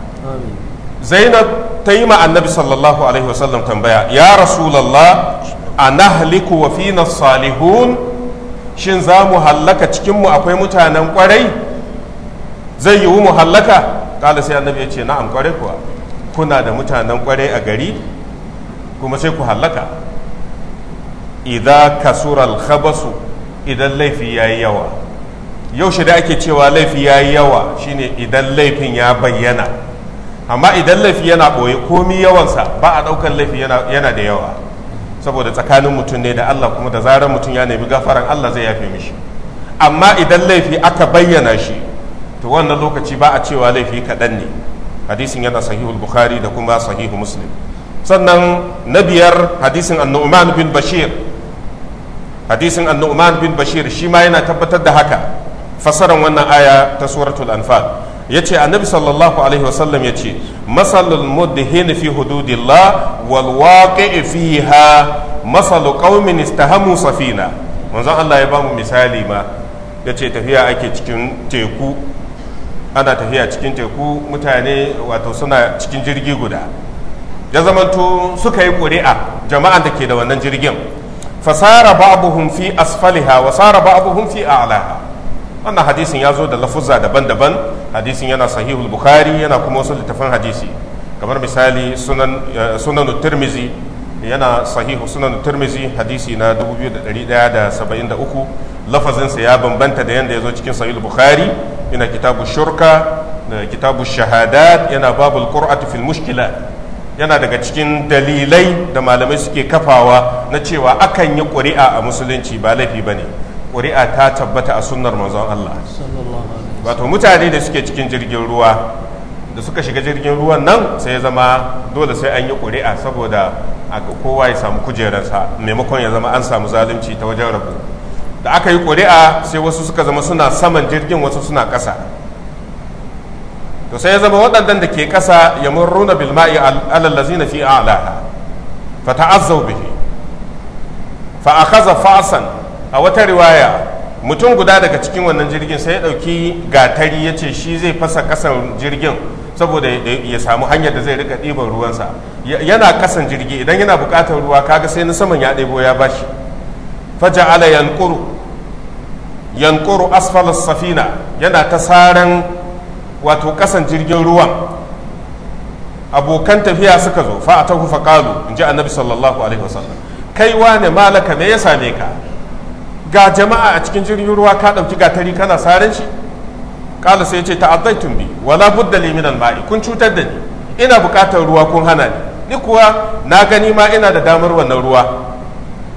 zainab ta yi ma annabi sallallahu alaihi wasallam tambaya ya rasulallah a nahliku wa fina salihun shin za mu hallaka cikinmu akwai mutanen kwarai zai yiwu mu hallaka kala sai annabi ya ce na'am kwarai kuwa kuna da mutanen kwarai a gari kuma sai ku hallaka idan al khabasu idan laifi ya yi yawa shi da ake cewa laifi ya yi yawa shine idan laifin ya bayyana amma idan laifi yana ɓoye komi yawansa ba a ɗaukar laifi yana da yawa saboda tsakanin mutum ne da allah kuma da zarar mutum ya nemi gafaran allah zai yafe mishi amma idan laifi aka bayyana shi to wannan lokaci ba a cewa laifi kaɗan ne hadisin yana sahihul bukhari da kuma sahihu muslim sannan na biyar hadisin annu'man bin bashir hadisin annu'man bin bashir shi ma yana tabbatar da haka fasaran wannan aya ta suratul anfal yace annabi sallallahu alaihi wasallam yace masalul mudhin fi hududillah wal waqi'i fiha masalu qaumin istahamu safina manzon Allah ya bamu misali ma yace tafiya ake cikin teku ana tafiya cikin teku mutane wato suna cikin jirgi guda ya zamanto suka yi ƙuri'a jama'an da ke da wannan jirgin fasara ba'abuhum fi asfaliha wa sara ba'abuhum fi a'laha wannan hadisin ya zo da lafuzza daban-daban hadisin yana sahihul bukhari yana kuma wasu littafan hadisi kamar misali sunan eh, sunan tirmizi yana sahihu sunan tirmizi hadisi na 2173 lafazinsa ya bambanta da yanda ya zo cikin sahih bukhari ina kitabu shurka da kitabu shahadat yana babul qur'ati fil mushkila yana daga cikin dalilai da malamai suke kafawa na cewa akan yi ƙuri'a a musulunci ba laifi ba ne ƙuri'a ta tabbata a sunnar manzon Allah wato mutane da suke cikin jirgin ruwa da suka shiga jirgin ruwan nan sai ya zama dole sai an yi ƙuri'a saboda a kowa ya samu kujerarsa maimakon ya zama an samu zalunci ta wajen rabu da aka yi ƙuri'a sai wasu suka zama suna saman jirgin wasu suna ƙasa to sai ya zama waɗannan da ke ƙasa ya murruna bil ma'i alallazi na fi a'laha fa ta'azzau bihi fa kaza fasan a wata riwaya mutum guda daga cikin wannan jirgin sai ya ɗauki gatari ya ce shi zai fasa ƙasan jirgin saboda ya samu hanyar da zai rika ɗiban ruwansa yana ƙasan jirgi idan yana buƙatar ruwa kaga sai na saman ya ɗebo ya bashi faja ala yankuru yankuru asfal safina yana ta saran wato kasan jirgin ruwan abokan tafiya suka zo fa atahu fa qalu inji annabi sallallahu alaihi wasallam kai ne malaka me ya same ka ga jama'a a cikin jirgin ruwa ka dauki gatari kana saran shi kala sai ya ce ta'addaitum bi wala budda li min mai kun cutar da ni ina bukatar ruwa kun hana ni ni kuwa na gani ma ina da damar wannan ruwa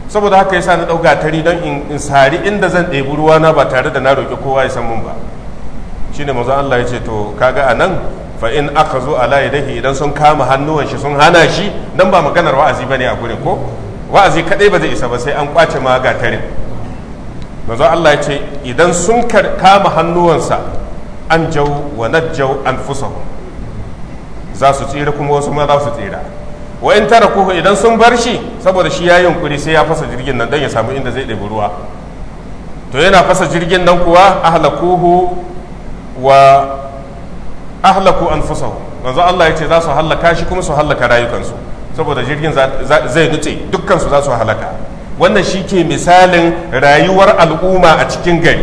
saboda haka yasa na ɗau gatari don in sari inda zan ɗebi ruwa na ba tare da na roƙi kowa ya san mun ba Shi ne mazan Allah ya ce to kaga anan nan fa'in aka zo ala yadihi idan sun kama hannuwan shi sun hana shi nan ba maganar wa'azi ba ne a gurin ko wa'azi kadai ba zai isa ba sai an kwace ma gatarin mazan Allah ya ce idan sun kama hannuwansa an jau wa na jau an fusa za su tsira kuma wasu ma za su tsira Wa'in tara kuhu idan sun bar shi saboda shi ya yi yunkuri sai ya fasa jirgin nan don ya samu inda zai ɗebi ruwa to yana fasa jirgin nan kuwa ahlakuhu wa ahlaku anfusahu manzo Allah ya ce za su hallaka shi kuma su hallaka rayukansu saboda jirgin zai nutse dukkan za su halaka wannan shi ke misalin rayuwar al'umma a cikin gari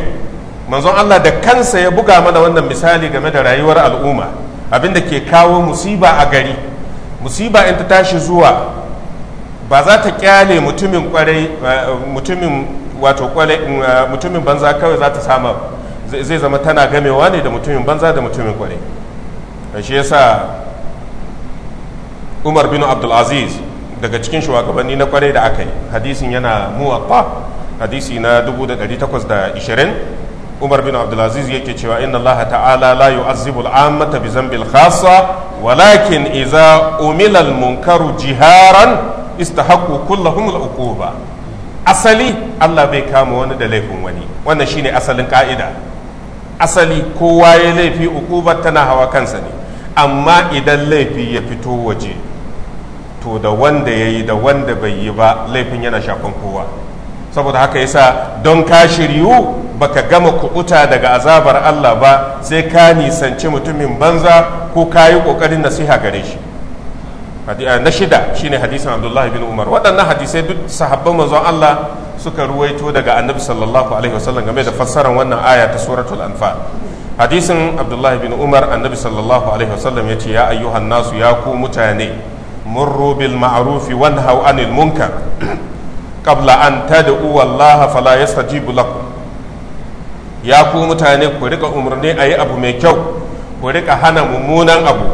manzon Allah da kansa ya buga mana wannan misali game da rayuwar al'umma abinda ke kawo musiba a gari musiba in ta tashi zuwa ba za ta kyale mutumin kwarai mutumin wato kwarai mm, ah, mutumin banza kawai za ta sama zai zama tana gamewa ne da mutumin banza da mutumin kwarai eh, shi yasa umar bin Abdul aziz daga cikin shugabanni na kwarai da aka yi hadisin yana muwaffa hadisi na 1820 umar bin abdulaziz yake cewa inna allaha ta'ala la yu'azzibu al'ammata bi zambil khassa walakin idza umila al munkaru jiharan istahaqqu kullahum al uquba asali Allah bai kama wani da laifin wani wannan shine asalin ka'ida asali kowa ya laifi ukuba tana hawa kansa ne amma idan laifi ya fito waje to da wanda yayi da wanda bai yi ba laifin yana shafan kowa saboda haka yasa don ka shiryu baka gama kuɓuta daga azabar Allah ba sai ka nisanci mutumin banza ko ka yi ƙoƙarin nasiha gare shi eh, na shida shine hadisin abdullahi bin umar waɗannan hadisai duk sahabban manzon Allah suka ruwaito daga annabi sallallahu alaihi wasallam game da fassarar wannan aya ta suratul anfal hadisin abdullahi bin umar annabi sallallahu alaihi wasallam ya ce ya ayyuhan nasu ya ku mutane murru bil ma'rufi wanhau anil munkar qabla an tad'u wallaha fala yastajibu bulaku. ya ku mutane ku rika umarni a yi abu mai kyau ku rika hana mummunan abu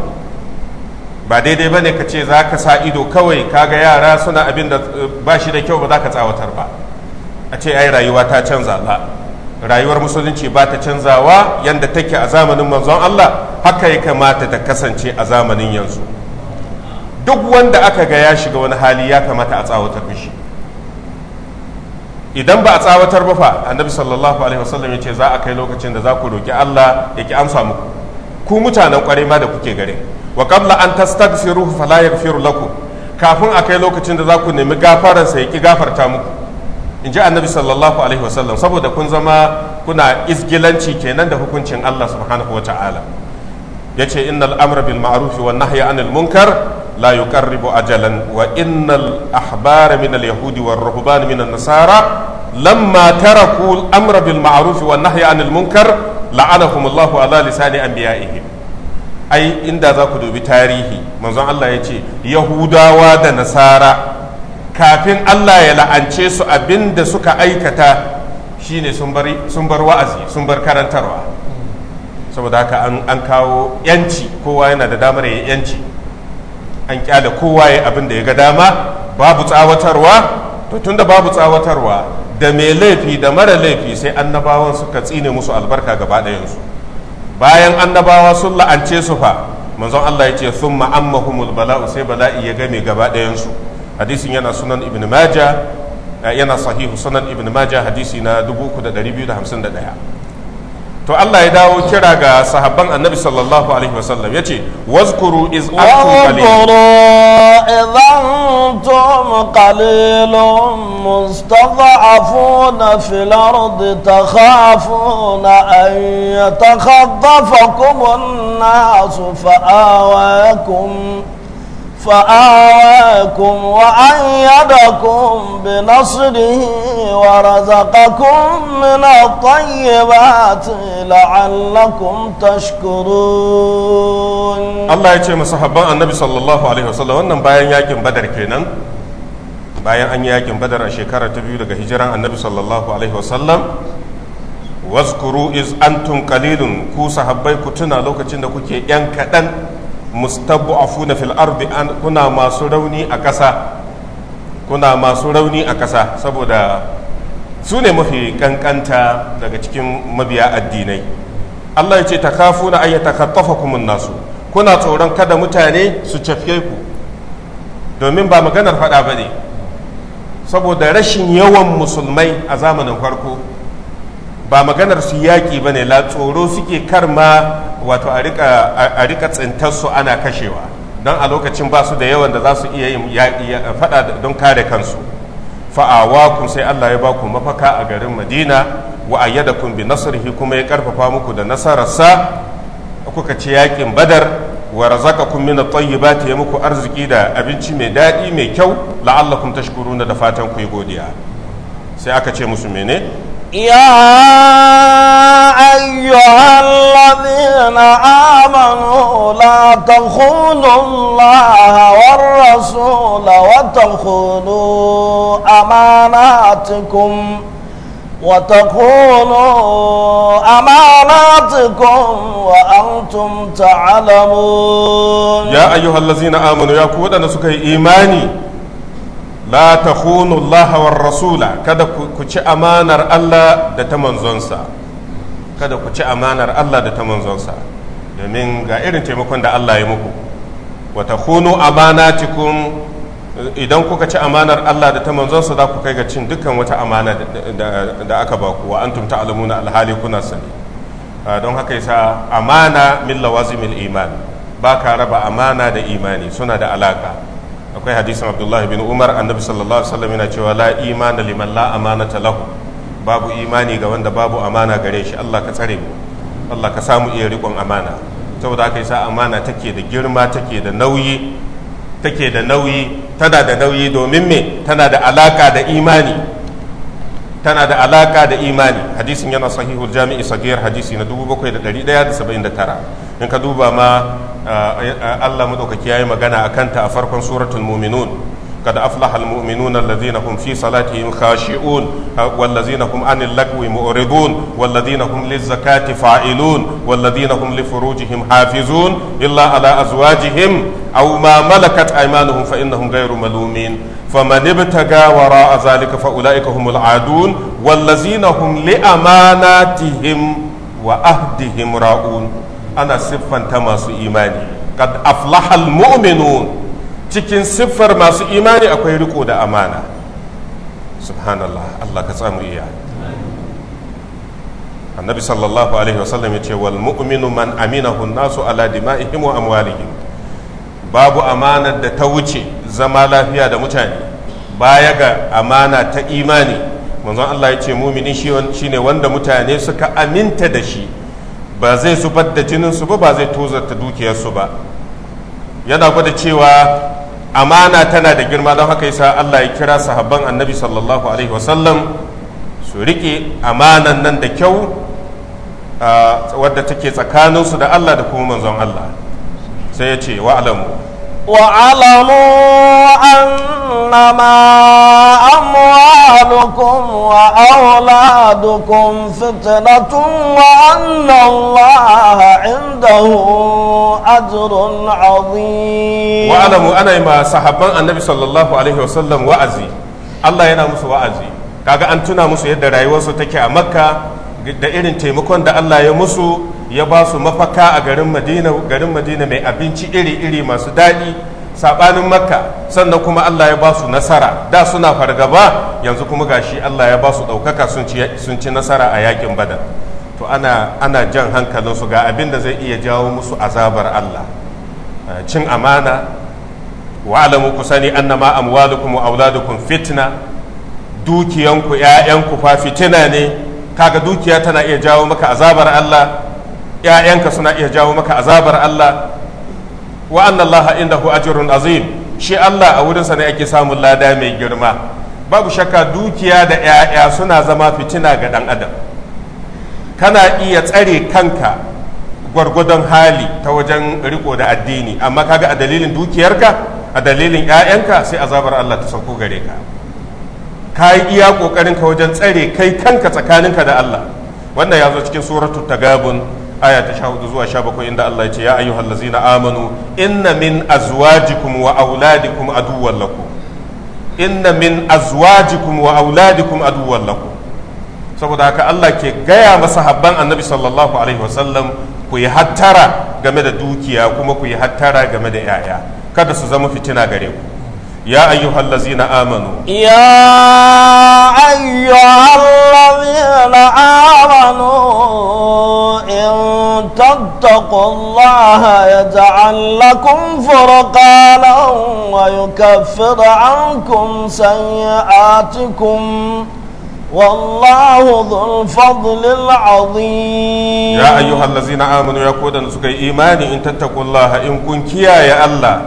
ba daidai ba ne ka ce za ka sa ido kawai ka ga yara suna abin da eh, ba shi da kyau ba za ka tsawatar ba a ce ai rayuwa ta canza ba. rayuwar musulunci ba ta canzawa yadda take a zamanin manzon Allah haka ya kamata ta kasance a zamanin yanzu duk wanda aka ga ya shiga wani hali ya kamata a tsawatar mishi idan ba a tsawatar ba fa annabi sallallahu alaihi wasallam yace za a kai lokacin da za ku roki Allah ya ki amsa muku ku mutanen kware ma da kuke gare wa qabla an tastaghfiruhu fala yaghfiru lakum kafin a kai lokacin da za ku nemi gafaran sa ya ki gafarta muku in annabi sallallahu alaihi wasallam saboda kun zama kuna izgilanci kenan da hukuncin Allah subhanahu wa ta'ala yace innal amra bil ma'ruf wan nahya anil munkar la yuqarribu ajalan wa innal ahbara min al yahudi war ruhban min an nasara lamma taraku al amra bil ma'ruf wa nahya anil munkar la'anahum Allah ala lisani anbiya'ihim ai inda za ku dubi tarihi manzon Allah ya ce yahudawa da nasara kafin Allah ya la'ance su abinda suka aikata shine sun bar wa'azi sun bar karantarwa saboda haka an kawo yanci kowa yana da damar ya yanci an kyale kowa ya abin da ya ga dama babu tsawatarwa to tunda babu tsawatarwa da mai laifi da mara laifi sai annabawan suka tsine musu albarka gaba ɗayansu bayan annabawa sun la'ance su fa manzon Allah ya ce sun ma'ammahumul bala'u sai bala'i ya game gaba ɗayansu hadisin yana sunan ibn maja eh, yana sahihu sunan ibn maja hadisi na 3251 to Allah ya dawo kira ga sahabban annabi sallallahu alaihi wasallam ya ce wazkuru iz antum qalilun mustada'afuna fil ardi takhafuna an yatakhaddafakum an-nas fa'awakum فآواكم وأيدكم بنصره ورزقكم من الطيبات لعلكم تشكرون الله يجي مصحبا النبي صلى الله عليه وسلم wannan bayan yakin badar kenan bayan an yakin badar a shekara ta biyu daga hijiran annabi sallallahu alaihi wasallam wazkuru iz antum qalilun ku sahabbai ku tuna lokacin da kuke yan kaɗan. mustab'afuna fil ardi an kuna masu rauni a ƙasa kuna masu rauni a ƙasa saboda su ne mafi kankanta daga cikin mabiya addinai Allah ya ce takafuna ay yatakattafakum nasu kuna tsoron kada mutane su cafke ku domin ba maganar faɗa ba ne saboda rashin yawan musulmai a zamanin farko ba maganar su yaƙi ba ne tsoro suke ma wato a rika tsintarsu ana kashewa don a lokacin ba su da yawan da za su iya yin faɗa don kare kansu Fa'awa kun sai Allah ya baku mafaka a garin Madina wa kun bi nasarhi kuma ya karfafa muku da nasararsa kuka ci yaƙin Badar wa mina tsayi ba ta ya muku arziki da abinci mai daɗi mai kyau la'allakum tashkuruna da fatan ku godiya sai aka ce musu mene يا أيها الذين آمنوا لا تخونوا الله والرسول وتخونوا أماناتكم وتخونوا أماناتكم وأنتم تعلمون يا أيها الذين آمنوا يا كودا نسكي إيماني la ta Allah wa kada ku ci amanar Allah da ta manzonsa kada ku ci amanar Allah da ta manzonsa domin ga irin taimakon da Allah ya muku wa ta khunu amanatikum idan kuka ci amanar Allah da ta manzonsa za ku kai ga cin dukkan wata amana da aka ba ku wa antum ta'lamuna alhali kuna sani ah, don haka yasa amana min lawazimil iman ba ka raba amana da imani suna da alaka akwai hadisin abdullahi bin umar annabi sallallahu alaihi wasallam yana cewa la imana liman la amanata lahu babu imani ga wanda babu amana gare shi Allah ka tsare mu Allah ka samu iya rikon amana saboda haka yasa amana take da girma take da nauyi take da nauyi tana da nauyi domin me tana da alaka da imani tana da alaka da imani hadisin yana sahihul jami'i sagiyar hadisi na 7179 in ka duba ma uh, uh, Allah madaukaki yayi magana akan ta a farkon suratul muminun قد أفلح المؤمنون الذين هم في صلاتهم خاشئون والذين هم عن اللغو معرضون والذين هم للزكاة فاعلون والذين هم لفروجهم حافظون إلا على أزواجهم أو ما ملكت أيمانهم فإنهم غير ملومين فمن ابتغى وراء ذلك فأولئك هم العادون والذين هم لأماناتهم وأهدهم راؤون أنا سفا تماس إيماني قد أفلح المؤمنون cikin siffar masu imani akwai riko da amana subhanallah Allah ka tsamu iya annabi sallallahu alaihi wasallam ya ce wal mu'minu man aminahu nasu ala dima'ihim wa amwalihim babu amanar da ta wuce zama lafiya da mutane baya ga amana ta imani manzon Allah ya ce muminin shi ne wanda mutane suka aminta da shi ba zai zubar jinin su ba ba zai tozarta dukiyarsu ba yana gwada cewa amana tana da girma don haka yasa Allah ya kira sahabban annabi sallallahu alaihi wasallam su rike amanan nan da kyau ah, wadda take tsakaninsu da Allah da kuma manzon Allah sai ya ce wa'alamu واعلموا أنما أموالكم وأولادكم فتنة وأن الله عنده أجر عظيم واعلموا أنا ما صحابان النبي صلى الله عليه وسلم وأزي الله ينامس وأزي kaga an tuna musu yadda rayuwarsu take a makka da irin taimakon da Allah ya musu ya ba su mafaka a garin madina garin madina mai abinci iri-iri masu daɗi saɓanin makka sannan kuma allah ya ba su nasara da suna fargaba yanzu kuma gashi allah ya ba su ɗaukaka sun ci nasara a yakin badar to ana, jan jan hankalinsu ga abin da zai iya jawo musu azabar allah eh, cin amana wa'alamu ku sani annama amwalukum wa auladukum fitna dukiyanku 'ya'yanku fa fitina ne kaga dukiya tana iya jawo maka azabar Allah ‘ya'yanka suna iya jawo maka azabar Allah wa annallaha indahu ajrun azim shi Allah a wurinsa ne ake samun lada mai girma babu shakka dukiya da ‘ya'ya suna zama fitina ga ɗan adam kana iya tsare kanka gwargwadon hali ta wajen riko da addini amma kaga a dalilin dukiyarka a dalilin ‘ya'yanka sai azabar Allah ta sauko gare ka ka yi iya ƙoƙarinka wajen tsare kai kanka tsakaninka da Allah wannan ya zo cikin suratul tagabun aya ta hudu zuwa 17 inda Allah ya ce ya ayyuhal ladzina amanu inna min azwajikum wa auladikum aduwwan lakum inna min azwajikum wa auladikum aduwwan lakum saboda haka Allah ke gaya masa habban annabi sallallahu alaihi wasallam ku yi hattara game da dukiya kuma ku yi hattara game da 'ya'ya kada su zama fitina gare ku يا أيها الذين آمنوا يا أيها الذين آمنوا إن تتقوا الله يجعل لكم فرقانا ويكفر عنكم سيئاتكم والله ذو الفضل العظيم يا أيها الذين آمنوا يا كودن سكي إيماني إن تتقوا الله إن كنت يا الله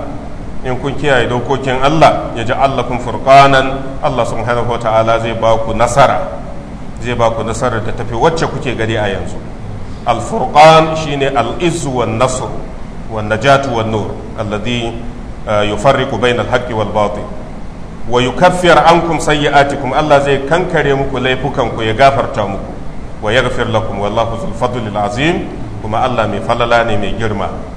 in kun kiyaye dokokin Allah ya ji allakun furqanan Allah subhanahu wa ta'ala zai ba ku nasara zai ba ku nasarar da tafi wacce kuke gari a yanzu al-furqan shine al-izzu wan nasr wan najatu wan nur alladhi uh, yufarriqu bayna al-haqqi wal batil wa yukaffir ankum sayyi'atikum Allah zai kankare muku laifukan ku ya gafarta muku wa yaghfir lakum wallahu zul azim kuma Allah mai falala ne mai girma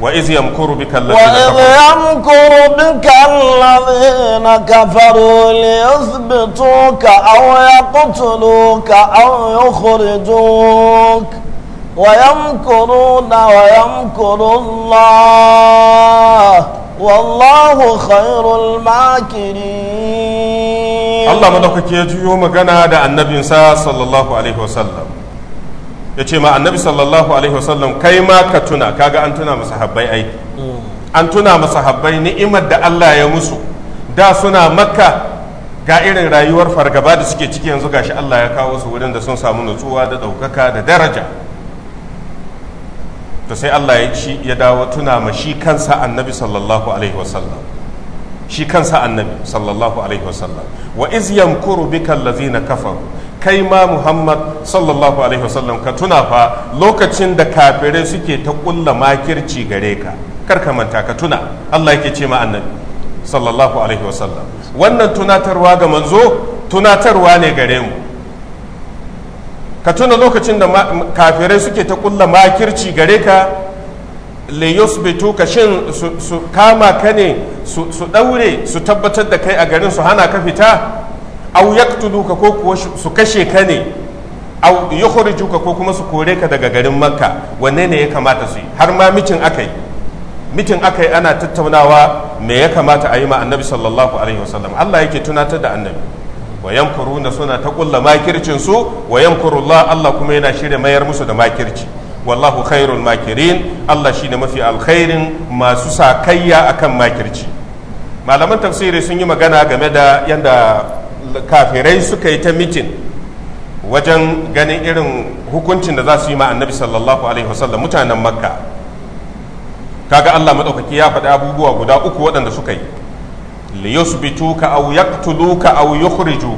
وإذ يمكر بك الذين وإذ يمكر بك الذين كفروا ليثبتوك أو يقتلوك أو يخرجوك ويمكرون ويمكر الله والله خير الماكرين الله مدوكك يجيو مغنى دا النبي صلى الله عليه وسلم ya ce ma annabi sallallahu alaihi wasallam kai ma ka tuna kaga an tuna masa habbai ai mm. an tuna masa habbai ni'imar da Allah ya musu da suna makka ga irin rayuwar fargaba da suke ciki yanzu gashi Allah ya kawo su wurin da sun samu nutsuwa da ɗaukaka da daraja to sai Allah ya ci ya dawo tuna ma shi kansa annabi sallallahu alaihi wasallam shi kansa annabi sallallahu alaihi wasallam wa iz yamkuru bika allazina kafaru kai ma muhammad sallallahu alaihi wasallam ka tuna fa lokacin da kafirai suke ta kulla makirci gare ka kar ka manta ka tuna allah yake ce ma annabi sallallahu alaihi wasallam wannan tunatarwa ga manzo tunatarwa ne gare mu ka tuna lokacin da kafirai suke ta kulla makirci gare ka le yusbitu ka shin su kama ka ne su daure su tabbatar da kai a garin su hana ka fita au yaqtuluka ko kuwa su kashe ka ne au yukhrijuka ko kuma su kore ka daga garin makka wanne ne ya kamata su yi har ma micin akai mitin akai ana tattaunawa me ya kamata a yi ma annabi sallallahu alaihi wasallam Allah yake tunatar da annabi wa yamkuruna suna ta kulla makircin su wa yamkurullah Allah kuma yana shirya mayar musu da makirci wallahu khairul makirin Allah shine mafi alkhairin masu sakayya akan makirci malaman tafsiri sun yi magana game da yanda. kafirai suka yi ta mitin wajen ganin irin hukuncin da za su yi ma annabi sallallahu alaihi wasallam mutanen makka kaga Allah maɗaukaki ya faɗi abubuwa guda uku waɗanda suka yi ka aw ka aw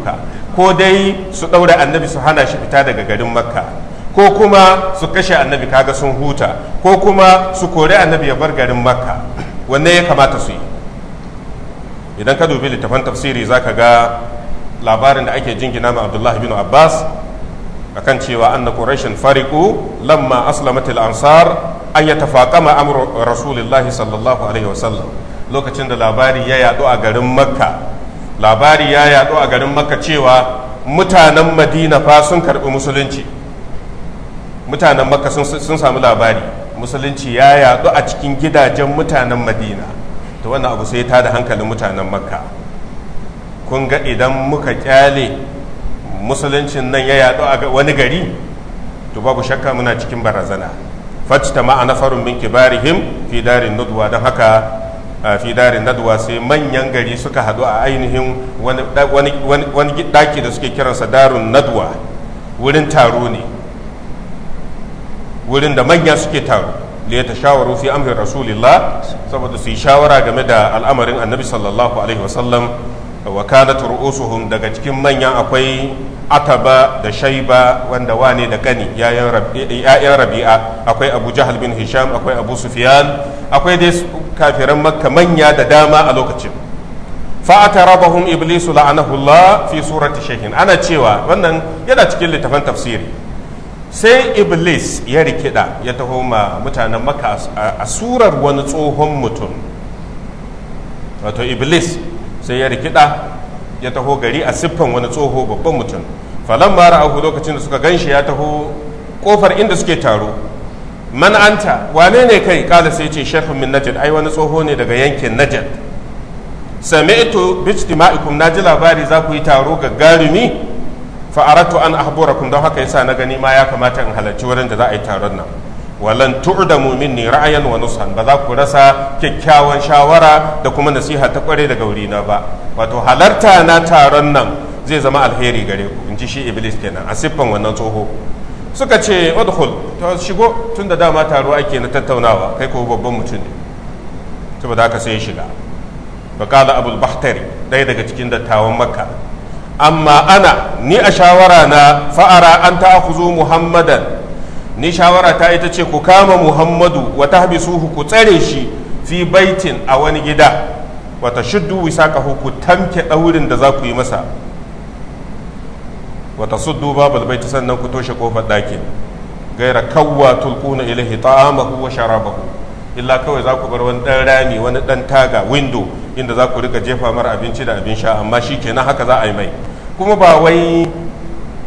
ka ko dai su ɗaure annabi su hana shi fita daga garin makka ko kuma su kashe annabi kaga sun huta ko kuma su kore annabi ya bar garin makka wanne ya kamata su yi idan ka dubi littafan tafsiri zaka ga labarin da ake jingina ma abdullahi bin abbas a kan cewa anna quraishin fariku lamma aslamatil ansar an ya yatafaqama amru rasulillahi sallallahu alaihi wasallam lokacin da labari ya yadu a garin makka labari ya yadu a garin makka cewa mutanen madina fa sun karɓi musulunci mutanen makka sun samu labari musulunci ya yadu a cikin gidajen mutanen madina to wannan abu sai ta da hankalin mutanen makka kun ga idan muka kyale musuluncin nan ya yaɗu a wani gari to babu shakka muna cikin barazana fatta ma'ana farin min kibarihim fi darin nudwa don haka fi darin nadwa sai manyan gari suka haɗu a ainihin wani ɗaki da suke kiransa darun nadwa wurin taro ne wurin da manya suke taro liya ta shawaru fi amrin rasulillah saboda su yi shawara game da al'amarin annabi sallallahu alaihi wasallam wa kanat ru'usuhum daga cikin manyan akwai ataba da shaiba wanda wane da gani ya'yan rabi'a akwai abu jahal bin hisham akwai abu sufyan akwai dai kafiran makka manya da dama a lokacin fa'atarabahum iblisu la'anahullah fi surati shahin ana cewa wannan yana cikin littafin tafsiri sai iblis ya rikida ya taho ma mutanen makka a surar wani tsohon mutum wato iblis sai ya rikida ya taho gari a siffan wani tsoho babban mutum falan mara ahu lokacin da suka ganshi ya taho kofar inda suke taro man anta wane ne kai kala sai ce shafin min najad ai wani tsoho ne daga yankin najad sami'tu na ji labari za ku yi taro gagarumi fa aratu an ahburakum don haka yasa na gani ma ya kamata in halarci wurin da za a yi taron nan walan da minni ra'ayan wa nusan ba za ku rasa kyakkyawan shawara da kuma nasiha ta kware daga wurina ba wato halarta na taron nan zai zama alheri gare ku in ji shi iblis kenan a siffan wannan tsoho suka ce udkhul to shigo tunda dama taro ake na tattaunawa kai ko babban mutum ne saboda haka sai ya shiga bakala abul bahtari ɗaya daga cikin dattawan makka amma ana ni a shawara na fa'ara an ta'khuzu muhammadan ni shawara ta ita ce ku kama muhammadu wa tahbisuhu ku tsare shi fi baitin a wani gida wata shuddu wisaqahu ku tamke ɗaurin da za ku yi masa wata suddu babal bait sannan ku toshe kofar ɗakin gaira kawwa tulquna ilaihi ta'amahu wa sharabahu illa kawai za ku bar wani ɗan rami wani ɗan taga window inda za ku rika jefa mara abinci da abin sha amma shi kenan haka za a yi mai kuma ba wai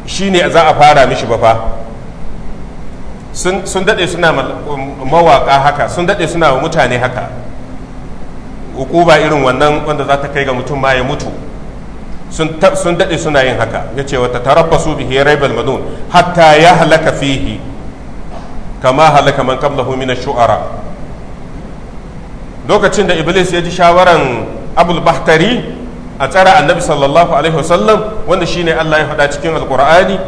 shine za a fara mishi ba fa sun daɗe suna mawaƙa haka sun daɗe suna wa mutane haka ba irin wannan wanda za ta kai ga mutum ma ya mutu sun daɗe suna yin haka ya ce wata su bihi raibal madun hatta ya halaka fihi kama halaka man qablahu min shu'ara lokacin da iblis ya ji shawaran abul bahtari a tsara annabi sallallahu alaihi wasallam wanda shine Allah ya faɗa cikin alkur'ani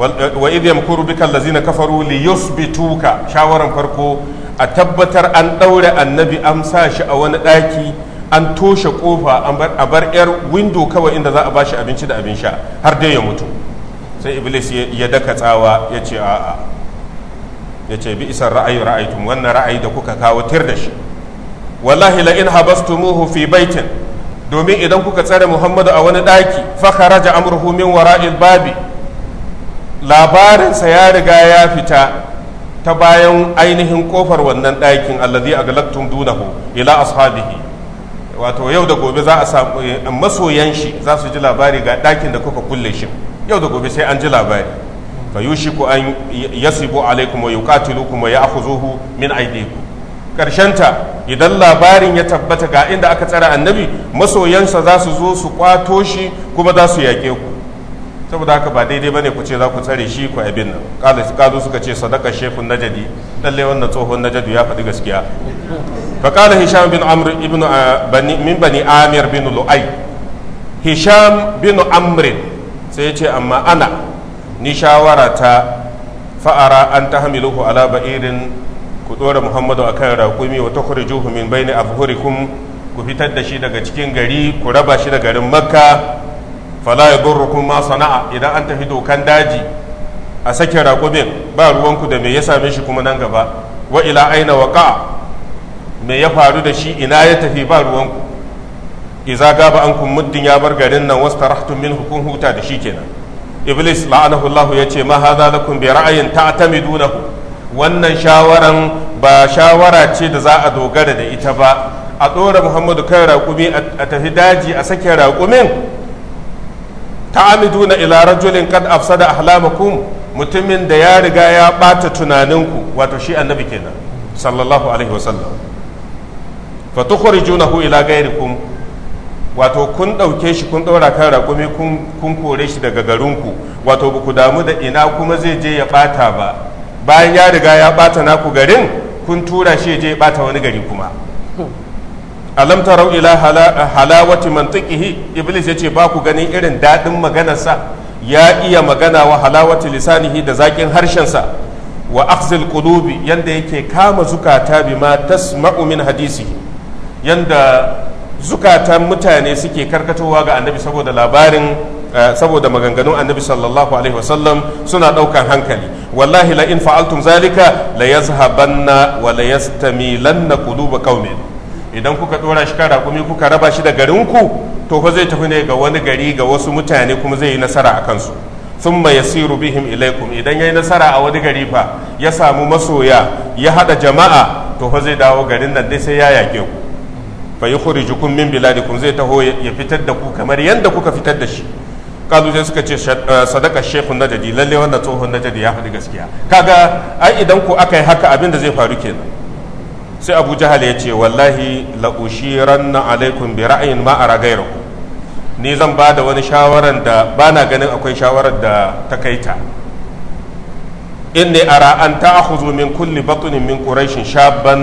Eh, wa idh yamkuru bika allazina kafaru li shawaran farko a tabbatar an daure annabi an shi a wani daki an toshe kofa a bar yar window kawai inda za a bashi abinci da abin sha har dai ya mutu sai iblis ya daka tsawa ya ce a'a ya ce bi isar ra'ayi ra'aytum wannan ra'ayi da kuka kawo tir da shi wallahi la in habastumuhu fi baitin domin idan kuka tsare muhammadu a wani daki fa kharaja amruhu min wara'il babi labarinsa ya riga ya fita ta bayan ainihin kofar wannan ɗakin allazi a galaktun dunahu ila ashabihi wato yau da gobe za a samu eh, masoyan shi za su ji labari ga ɗakin da kuka kulle shi yau da gobe sai an ji labari fa ku an yasibu alaikum wa yuqatilukum wa ya'khuzuhu min aydikum karshenta idan labarin ya tabbata ga inda aka tsara annabi masoyansa za su zo su kwato shi kuma za su yaƙe ku saboda haka ba daidai bane ku ce za ku tsare shi ku abin nan kalu suka ce sadaka shekun najadi lalle wannan tsohon najadu ya faɗi gaskiya fa qala hisham bin amr ibn ah, bani min bani amir bin lu'ay hisham bin amr sai ya ce amma ana ni shawara ta fa'ara an tahmiluhu ala ba'irin ku dora muhammadu akan raƙumi wa takhrijuhu min bayni afhurikum ku fitar da shi daga cikin gari ku raba shi da garin makka fala yadurrukum kuma sana'a idan an tafi dokan daji a sake raƙumin ba ruwanku da me ya same shi kuma nan gaba wa ila aina waqa me ya faru da shi ina ya tafi ba ruwanku iza gaba an kun muddin ya bar garin nan wasu tarahtum min hukun huta da shi kenan iblis la'anahu ya ce ma hadha lakum bi ra'ayin ta'tamidunahu wannan shawaran ba shawara ce da za a dogara da ita ba a ɗora muhammadu kan raƙumi a tafi daji a sake raƙumin ta'amiduna ila rajulin kad afsada ahlamakum mutumin da ya riga ya bata tunaninku wato shi annabi kenan sallallahu alaihi wasallam fa tukhrijunahu ila ghayrikum wato kun ɗauke shi kun ɗaura kan raƙumi kun kore shi daga garinku wato ba ku damu da ina kuma zai je ya bata ba bayan ya riga ya bata naku garin kun tura shi je ya ɓata wani gari kuma alam tarau ila halawati mantiqihi iblis yace ba ku ganin irin dadin maganarsa ya iya magana wa halawati lisanihi da zakin harshensa wa akhzil qulubi yanda yake kama zukata bima tasma'u min hadisihi yanda zukatan mutane suke karkatowa ga annabi saboda labarin eh, saboda maganganun annabi sallallahu alaihi wasallam suna daukan hankali wallahi la in fa'altum zalika la yazhabanna wa la quluba qaumin idan kuka dora shi kan kuma kuka raba shi da garinku to fa zai tafi ne ga wani gari ga wasu mutane kuma zai yi nasara a kansu sun ma yasiru bihim ilaikum idan ya yi nasara a wani gari fa ya samu masoya ya haɗa jama'a to fa zai dawo garin nan dai sai ya yaƙe ku fa yukhrijukum min biladikum zai taho ya fitar da ku kamar yadda kuka fitar da shi kalu sai suka ce eh, sadaka shekun najadi lalle wannan tsohon najadi ya faɗi gaskiya kaga ai idan ku aka yi haka abin da zai faru kenan sai abu jahal ya ce wallahi la'ushiran na alaikun bi ra'ayin ma a ni zan ba da wani shawarar da ba na ganin akwai shawarar da ta kai ta? in inni ara an ta'khudhu min kulli batunin min shaban shabban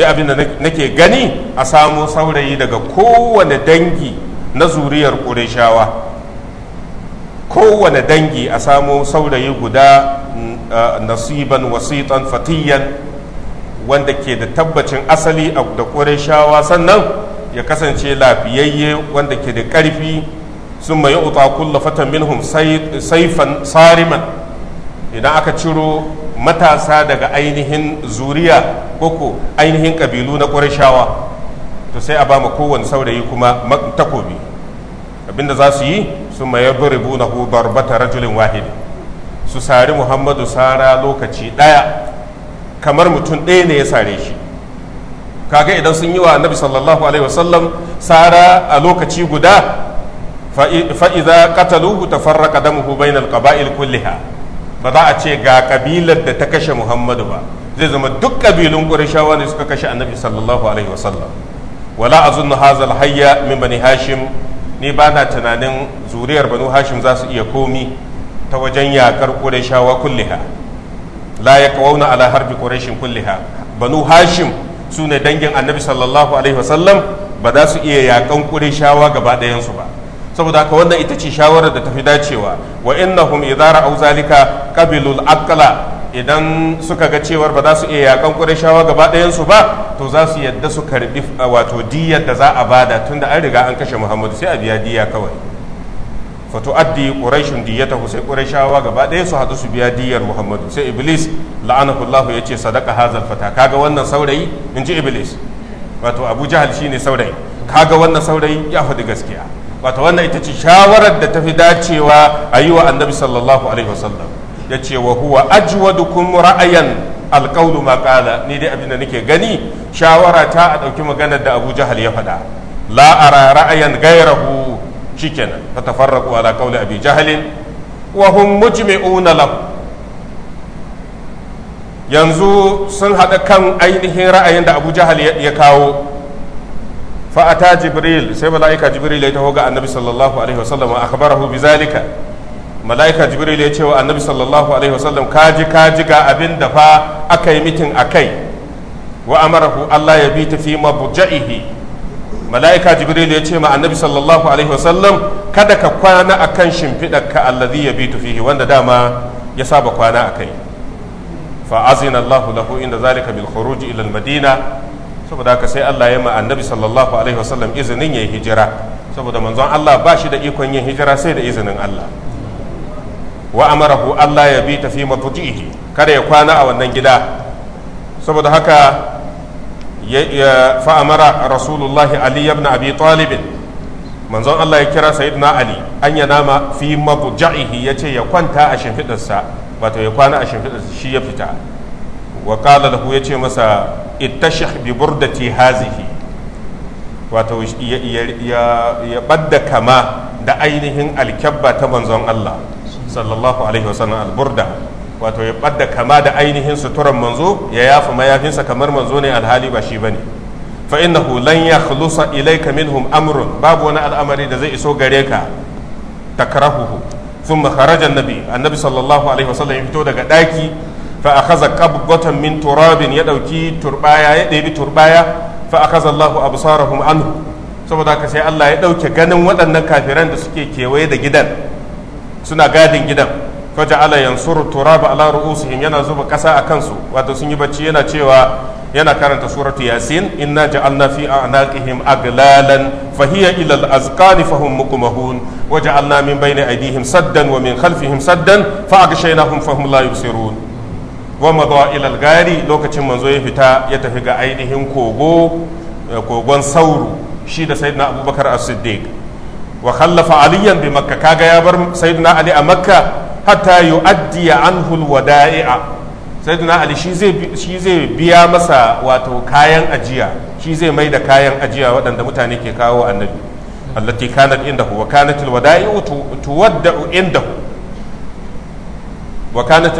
abin da nake gani a samu saurayi daga kowane dangi na zuriyar qurayshawa kowane dangi a samu saurayi guda mm, ah, nasiban wasitan fatiyan wanda ke da tabbacin asali da shawa sannan ya kasance lafiyayye wanda ke da ƙarfi sun mai uta kulla fatan minhum saifan sariman idan aka ciro matasa daga ainihin zuriya ko ainihin ƙabilu na shawa to sai a ba mu kowane saurayi kuma takobi abinda za su yi sun mai yarbu na rajulin wahidi su sari muhammadu sara lokaci ɗaya kamar mutum ɗaya ne ya sare shi kaga idan sun yi wa annabi sallallahu alaihi wasallam sara a lokaci guda fa'iza ta farra damuhu bainal qaba'il kulliha ba za a ce ga ƙabilar da ta kashe muhammadu ba zai zama duk kabilun qurayshawa ne suka kashe annabi sallallahu alaihi wasallam wala azunnu hazal hayya min bani hashim ni ba na tunanin zuriyar banu hashim za su iya komi ta wajen yakar qurayshawa kulliha la kawauna ala harbi quraish kulliha banu hashim su ne dangin annabi sallallahu alaihi wasallam ba za su iya yakan qurayshawa gaba ɗayan su ba saboda haka wannan ita ce shawarar da ta fi dacewa wa innahum idza ra'aw zalika qabilul aqla idan suka ga cewar ba za su iya yakan qurayshawa gaba ɗayan su ba to za su yadda su karbi wato diyyar da za a bada tunda an riga an kashe muhammadu sai a biya diyya kawai fa tu'addi quraishun diyatahu sai quraishawa gaba ɗaya su hadu su biya diyar muhammadu sai iblis la'anahu yace sadaka hazal fata kaga wannan saurayi in ji iblis wato abu jahal shine saurayi kaga wannan saurayi ya faɗi gaskiya wato wannan ita ce shawarar da tafi dacewa a yi wa annabi sallallahu alaihi wasallam ya ce wa huwa ajwadukum ra'ayan alƙaunu maƙala ni dai abin da nake gani shawara ta a ɗauki maganar da abu jahal ya faɗa la'ara ra'ayan gairahu shikenan fa tafarraqu ala qawli abi jahalin wa hum mujmi'una lahu yanzu sun haɗa kan ainihin ra'ayin da abu jahal ya kawo fa'ata jibril sai mala'ika jibril ya taho ga annabi sallallahu alaihi wasallam a akhbarahu bizalika mala'ika jibril ya ce wa annabi sallallahu alaihi wasallam kaji kaji ga abin da fa aka yi mitin akai wa amarahu allah ya bi ta fi mabja'ihi mala'ika jibril ya ce ma annabi sallallahu alaihi wasallam kada ka kwana a kan ka allazi ya bitu fihi wanda dama ya saba kwana a kai fa'azina allahu lahu inda zalika bil khuruj ila madina saboda haka sai allah ya ma annabi sallallahu alaihi wasallam izinin ya yi hijira saboda manzon allah ba shi da ikon yin hijira sai da izinin allah wa amarahu allah ya bi tafi matujihi kada ya kwana a wannan gida saboda haka fa'amara rasulullahi ali ibn abi talibin manzon Allah ya kira sayyidina ali anya ya nama fi mabja'ihi yace ya kwanta a shimfidarsa wato ya kwana a shimfidarsa shi ya fita wa qala lahu yace masa ittashih bi burdati hazihi wato ya badda kama da ainihin alkyabba ta manzon Allah sallallahu alaihi wasallam alburda wato ya ɓadda kama da ainihin suturan manzo ya yafa mayafinsa kamar manzo ne alhali ba shi ba ne fa innahu lan yakhlusa ilaika minhum amrun babu wani al'amari da zai iso gare ka takrahuhu thumma kharaja annabi sallallahu alaihi wasallam ya fito daga daki fa akhadha qabghatan min turabin ya dauki turbaya ya ɗebi turbaya fa Allahu anhu saboda haka sai Allah ya dauke ganin waɗannan kafiran da suke kewaye da gidan suna gadin gidan faja'ala yansuru turaba ala ru'usihim yana zuba kasa a kansu wato sun yi bacci yana cewa yana karanta suratu yasin inna ja'alna fi a'naqihim aglalan fahiya ila al-azqani fahum muqmahun wa min bayni aydihim saddan wa min khalfihim saddan fa aghshaynahum fahum la yubsirun wa madwa ila al-gari lokacin manzo ya fita ya tafi ga ainihin kogo eh, kogon sauru shi da sayyidina abubakar as-siddiq wa khallafa aliyan bi makka kaga ya bar sayyidina ali a makka hatta yu'addiya anhu alwada'i'a sayyidina ali shi zai shi zai biya masa wato kayan ajiya shi zai mai da kayan ajiya waɗanda mutane ke kawo annabi allati kanat indahu wa kanat tuwadda'u indahu wa kanat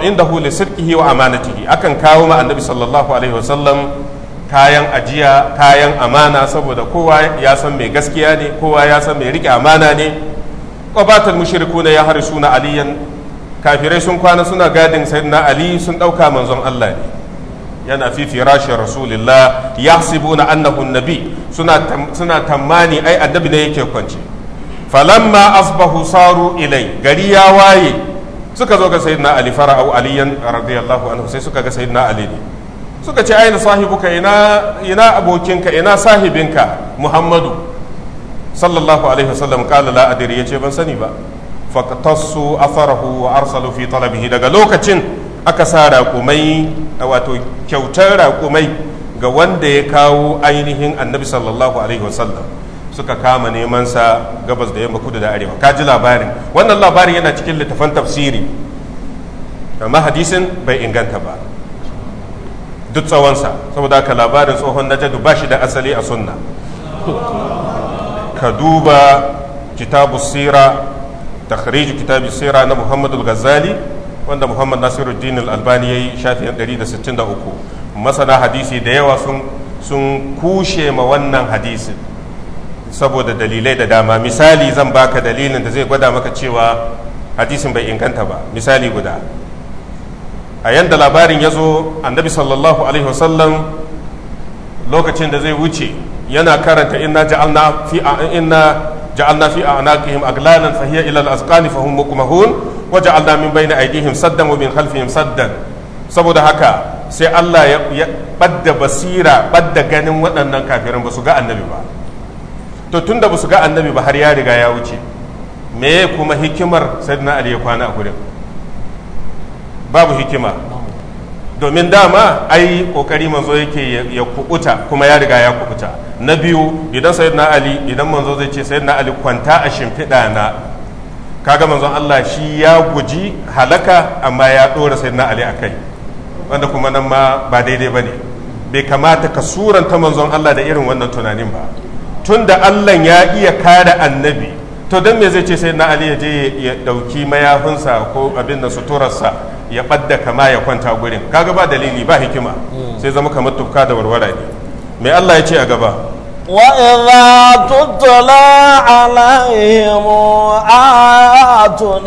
indahu li wa amanatihi akan kawo ma annabi sallallahu alaihi wasallam kayan ajiya kayan amana saboda kowa ya san mai gaskiya ne kowa ya san mai rike amana ne ƙwabatar mushiriku na ya hari aliyan kafirai sun kwana suna gadin sayyidina ali sun ɗauka manzon allah ne yana fi firashin rasulillah ya na annahu nabi suna tammani ai annabi ne yake kwance falamma asbahu saru ilai gari ya waye suka zo ga sayyidina ali farau aliyan radiyallahu anhu sai suka ga sayyidina ali ne suka ce aina sahibuka ina ina abokinka ina sahibinka muhammadu sallallahu alaihi wasallam qala la adri yace ban sani ba faqtasu atharahu wa arsalu fi talabihi daga lokacin aka sa raƙumai wato kyautar raƙumai ga wanda ya kawo ainihin annabi sallallahu alaihi wasallam suka kama neman sa gabas da yamma kudu da arewa ka ji labarin wannan labarin yana cikin littafan tafsiri amma hadisin bai inganta ba duk tsawonsa saboda haka labarin tsohon najadu ba shi da asali a sunna ka duba kitabu sira kharijin kitabu sira na muhammadu ghazali wanda muhammad nasiruddin al-albani ya yi shafiyan 163 masana hadisi da yawa sun kushe ma wannan hadisin saboda dalilai da dama misali zan baka dalilin da zai gwada maka cewa hadisin bai inganta ba misali guda a yadda labarin ya zo annabi sallallahu alaihi wasallam lokacin da zai wuce yana karanta inna ja'alna fi inna ja'alna fi a'naqihim aglalan fa hiya ila al-asqani fa hum muqmahun wa ja'alna min bayni aydihim saddan wa min khalfihim saddan saboda haka sai Allah ya badda basira badda ganin waɗannan kafirin ba su ga annabi ba to tunda ba su ga annabi ba har ya riga ya wuce me kuma hikimar sayyidina ali ya kwana a gurin babu hikima domin dama ai kokari manzo yake ya kukuta kuma ya riga ya kukuta na biyu idan sayyidina ali idan manzo zai ce sayyidina ali kwanta a shimfiɗa na kaga manzon Allah shi ya guji halaka amma ya dora sayyidina ali akai wanda kuma nan ma ba daidai bane bai kamata ka suranta manzon Allah da irin wannan tunanin ba tunda Allah ya iya kare annabi to dan me zai ce sayyidina ali ya je ya dauki mayafinsa ko abin da suturarsa ya ɓadda kama ya kwanta gurin kaga ba dalili ba hikima hmm. sai zama kamar tufka da warwara ne mai Allah ya ce a gaba Wa tutla alaihim عليهم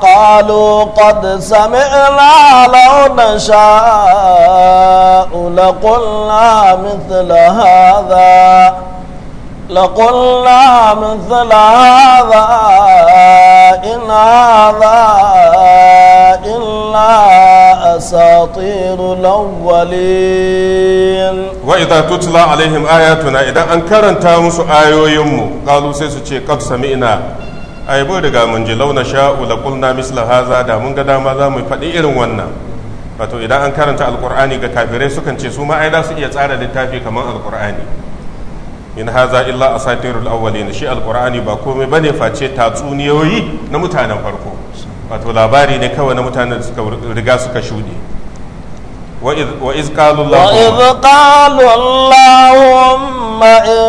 qalu qad sami'na law لو نشاء لقلنا mithla hadha لقلنا مثل هذا إن هذا إلا أساطير الأولين وإذا تتلى عليهم آياتنا إذا أنكرن تامس آيو يمو قالوا سيسوشي قد سمعنا أي بودغا من جلو نشاء لقلنا مثل هذا دا من قدام هذا مفدئر ونا wato idan an karanta alkur'ani ga kafirai sukan ce su ma ai za su iya tsara littafi kamar alkur'ani in haza illa asatirul awwalin shi alkur'ani ba komai bane face tatsuniyoyi na mutanen farko wato labari ne kawai na mutanen da suka riga suka shuɗe وإذ قالوا اللهم وإذ قالوا اللهم إن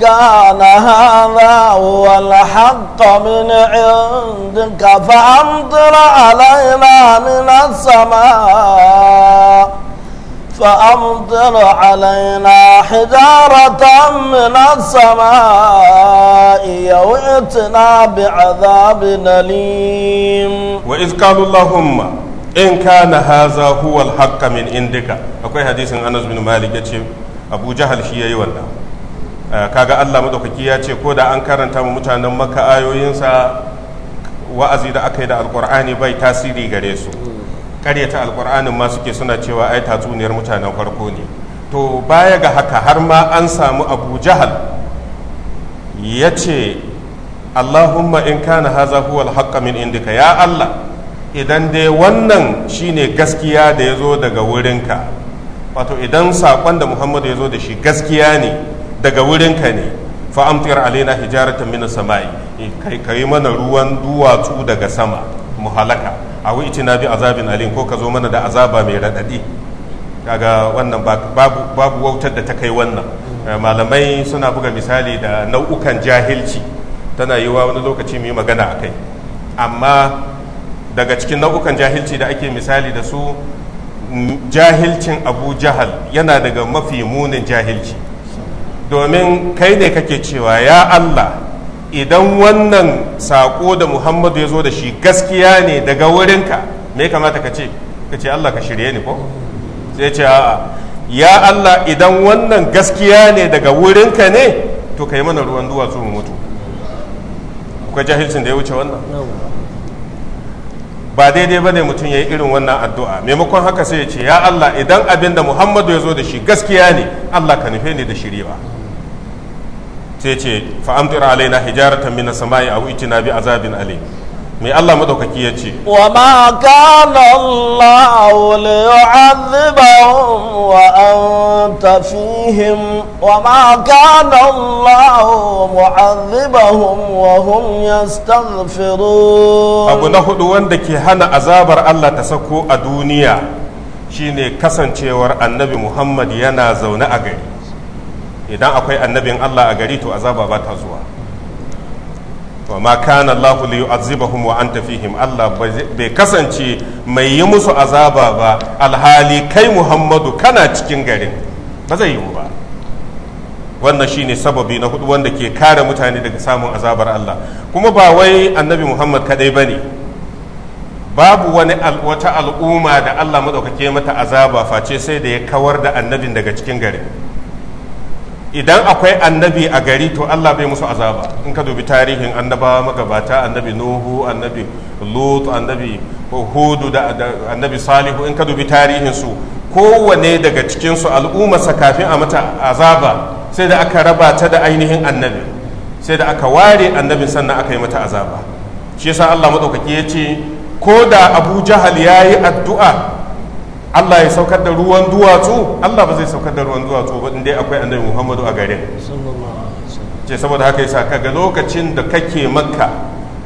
كان هذا هو الحق من عندك فأمطر علينا من السماء فأمطر علينا حجارة من السماء أو ائتنا بعذاب أليم وإذ قالوا اللهم إن كان هذا هو الحق من عندك أكوي حديث أنس بن مالك أبو جهل شيء يولى kaga Allah madaukaki ya ce ko da an karanta mu mutanen maka ayoyinsa wa'azi da aka yi da alkur'ani bai tasiri gare su ƙaryata alkur'anin ma suke suna cewa ai tatsuniyar mutanen farko ne to baya ga haka har ma an samu abu jahal ya ce allahumma in kana haza huwal alhaqqa min indika ya allah idan dai wannan shine gaskiya da ya zo daga wurinka wato idan saƙon da muhammadu ya zo da shi gaskiya ne daga wurinka ne fa'amtiyar alaina hijaratan min sama'i kai kai mana ruwan duwatsu daga sama mu halaka a wuce na bi azabin alin ko ka zo mana da azaba mai raɗaɗi kaga wannan babu wautar da ta kai wannan eh, malamai suna buga misali da nau'ukan jahilci tana yiwa wani lokaci mai magana a kai amma daga cikin nau'ukan jahilci da ake misali da su mm, jahilcin abu jahal yana daga mafi munin jahilci domin kai ne kake cewa ya allah idan wannan saƙo da muhammadu ya zo da shi gaskiya ne daga wurinka me kamata ka ce ka ce allah ka shirye ni ko sai ce a'a ya allah idan wannan gaskiya ne daga wurinka ne to ka yi mana ruwan duwatsu mu mutu akwai jahilcin da ya wuce wannan ba daidai ba ne mutum ya yi irin wannan addu'a maimakon haka sai ya ce ya allah idan abin da muhammadu ya zo da shi gaskiya ne allah ka nufe ni da ba. sai ce fa amtir alaina hijaratan min as-sama'i aw itina bi azabin alim mai Allah madaukaki ya ce wa ma kana Allah li yu'adhibahum wa anta fihim wa ma kana abu na hudu wanda ke hana azabar Allah ta sako a duniya shine kasancewar annabi Muhammad yana zaune a gari idan akwai annabin Allah a gari to azaba ba ta zuwa wa ma kana Allah li yu'azzibahum wa anta fihim Allah bai kasance mai yi musu azaba ba alhali kai Muhammadu kana cikin garin ba zai yiwu ba wannan shine sababi na hudu wanda ke kare mutane daga samun azabar Allah kuma ba wai annabi Muhammad kadai bane babu wani wata al'umma da Allah madaukake mata azaba face sai da ya kawar da annabin daga cikin garin idan akwai annabi a gari to Allah bai musu azaba in ka dubi tarihin annaba magabata annabi nuhu annabi lut annabi hudu da annabi salihu in ka dubi tarihin su kowane daga cikin su al'ummarsa kafin a mata azaba sai da aka raba ta da ainihin annabi sai da aka ware annabin sannan aka yi mata azaba shi yasa Allah madaukaki ya ce ko da Abu Jahal yayi addu'a Allah ya saukar da ruwan duwatsu Allah ba zai saukar da ruwan duwatsu ba inda akwai annabi Muhammadu a garin ce saboda haka yasa kaga lokacin da kake makka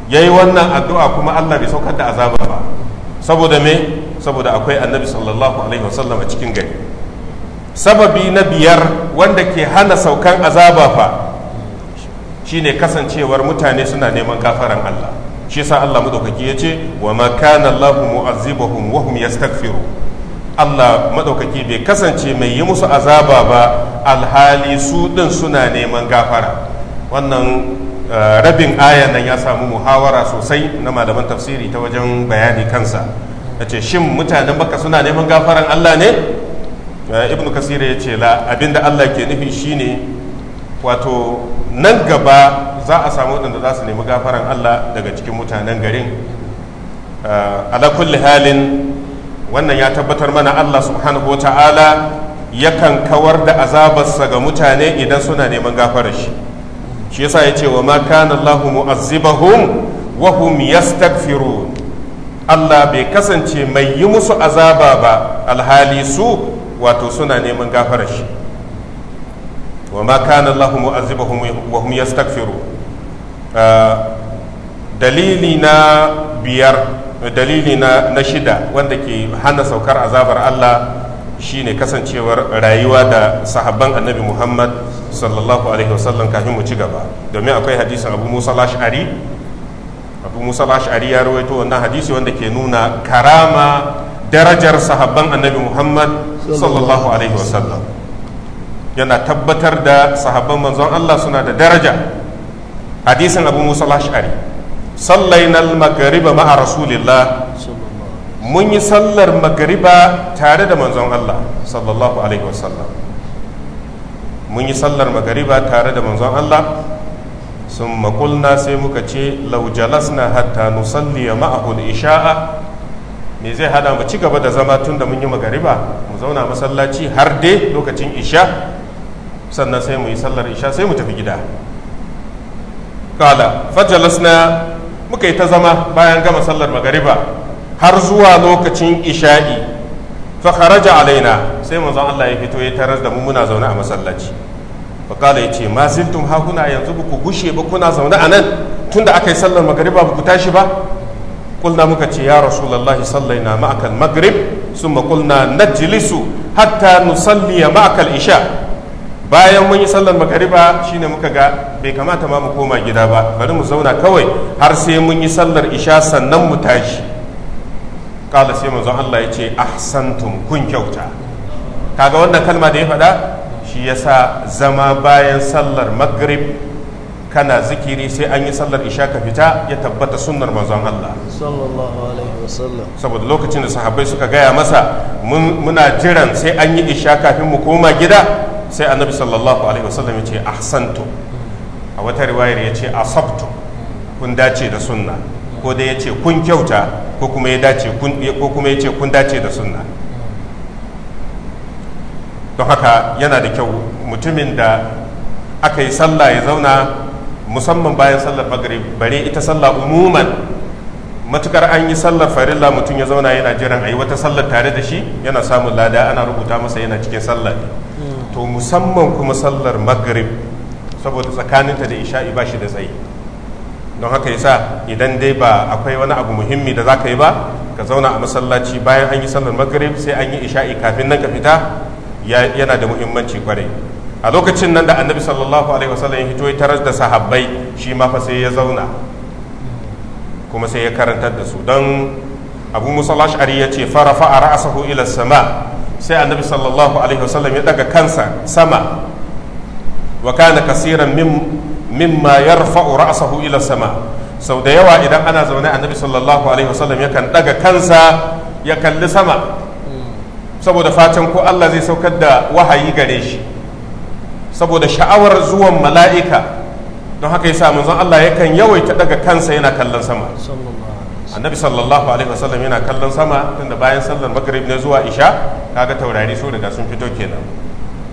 yayi wannan addu'a kuma Allah bai saukar da azaba ba saboda me saboda akwai annabi sallallahu alaihi wasallam a cikin gari sababi na biyar wanda ke hana saukan azaba fa shine kasancewar mutane suna neman kafaran Allah shi yasa Allah madaukaki yace wa ma kana Allahu mu'azzibahum wa hum yastaghfirun Allah maɗaukaki bai kasance mai yi musu azaba ba alhali su ɗin suna neman gafara wannan eh, rabin ayan nan ya samu muhawara sosai na malaman tafsiri ta wajen bayani kansa ya ce shin mutanen baka suna neman gafaran Allah ne eh, ibn kasira ya ce la abinda Allah ke nufi shine wato nan gaba za a samu waɗanda za su nemi gafaran Allah daga cikin mutanen garin eh, ala kulli halin wannan ya tabbatar mana Allah subhanahu wata'ala yakan kawar da azabarsa ga mutane idan suna neman gafarar shi shi yasa ya ce wa ma kana Allah mu'azzibahum wa hum yastaghfirun Allah bai kasance mai yi musu azaba ba alhali su wato suna neman gafarar shi wa ma kana Allah mu'azzibahum wa hum yastaghfirun ah, dalili na biyar dalili na, na shida wanda ke hana saukar azabar Allah shine kasancewar rayuwa da sahabban annabi Muhammad sallallahu alaihi wasallam kafin mu ci gaba domin akwai hadisin Abu Musa al-Ash'ari Abu Musa al-Ash'ari ya rawaito wannan hadisi wanda ke nuna karama darajar sahabban annabi Muhammad sallallahu alaihi wasallam yana tabbatar da sahabban manzon Allah suna da daraja hadisin Abu Musa al-Ash'ari sallaina al-maghriba ma'a rasulillah mun yi sallar magariba tare da manzon Allah sallallahu alaihi wasallam mun yi sallar magariba tare da manzon Allah sun makulna sai muka ce laujalasna hatta nusalli ma'ahu isha'a me zai hada mu ci gaba da zama tun da mun yi magariba mu zauna masallaci har dai lokacin isha sannan sai mu yi sallar isha sai mu tafi gida kala fajalasna muka yi ta zama bayan gama sallar magariba har zuwa lokacin isha'i fa kharaja alaina sai manzon Allah ya fito ya tarar da mu muna zaune a masallaci fa kala yace ma zintum ha kuna yanzu ku gushe ba kuna zaune a nan tunda aka yi sallar magariba ba ku tashi ba قلنا muka ce ya الله صلينا معك المغرب ثم قلنا نجلس حتى نصلي معك isha. bayan mun yi sallar magariba shine muka ga bai kamata ma mu koma gida ba bari mu zauna kawai har sai mun yi sallar isha sannan mu tashi kala sai manzon Allah ya ce ahsantum kun kyauta kaga wannan kalma da ya faɗa shi yasa zama bayan sallar magrib kana zikiri sai an yi sallar isha ka fita ya tabbata sunnar manzon Allah sallallahu alaihi wasallam saboda lokacin da sahabbai suka gaya masa muna jiran sai an yi isha kafin mu koma gida sai annabi sallallahu alaihi wasallam ya ce ahsantu a wata riwayar ya ce asabtu kun dace da sunna ko dai ya ce kun kyauta ko kuma ya dace ko kuma ya ce kun dace da sunna don haka yana da kyau mutumin da aka yi sallah ya zauna musamman bayan sallar magrib bare ita sallah umuman matukar an yi sallar farilla mutum ya zauna yana jiran a yi wata sallar tare da shi yana samun lada ana rubuta masa yana cikin sallar to musamman kuma sallar maghrib saboda tsakaninta da isha'i ba shi da tsayi don haka yasa idan dai ba akwai wani abu muhimmi da za ka yi ba ka zauna a masallaci bayan an yi sallar maghrib sai an yi isha'i kafin nan ka fita yana da muhimmanci kwarai a lokacin nan da annabi sallallahu alaihi wasallam ya hito ya tarar da sahabbai shi ma fa sai ya zauna kuma sai ya karantar da su don abu musallash ari ya ce farafa a ra'asahu ila sama sai annabi sallallahu alaihi wasallam ya daga kansa sama wa kana kasiran mimma yarfa'u ra'sahu ila sama sau da yawa idan ana zaune annabi sallallahu alaihi wasallam yakan daga kansa ya kalli sama saboda fatan ko Allah zai saukar da wahayi gare shi saboda sha'awar zuwan mala'ika don haka yasa manzon Allah yakan yawaita daga kansa yana kallon sama annabi sallallahu alaihi wasallam yana kallon sama tunda bayan sallar magrib ne zuwa isha kaga taurari su daga sun fito kenan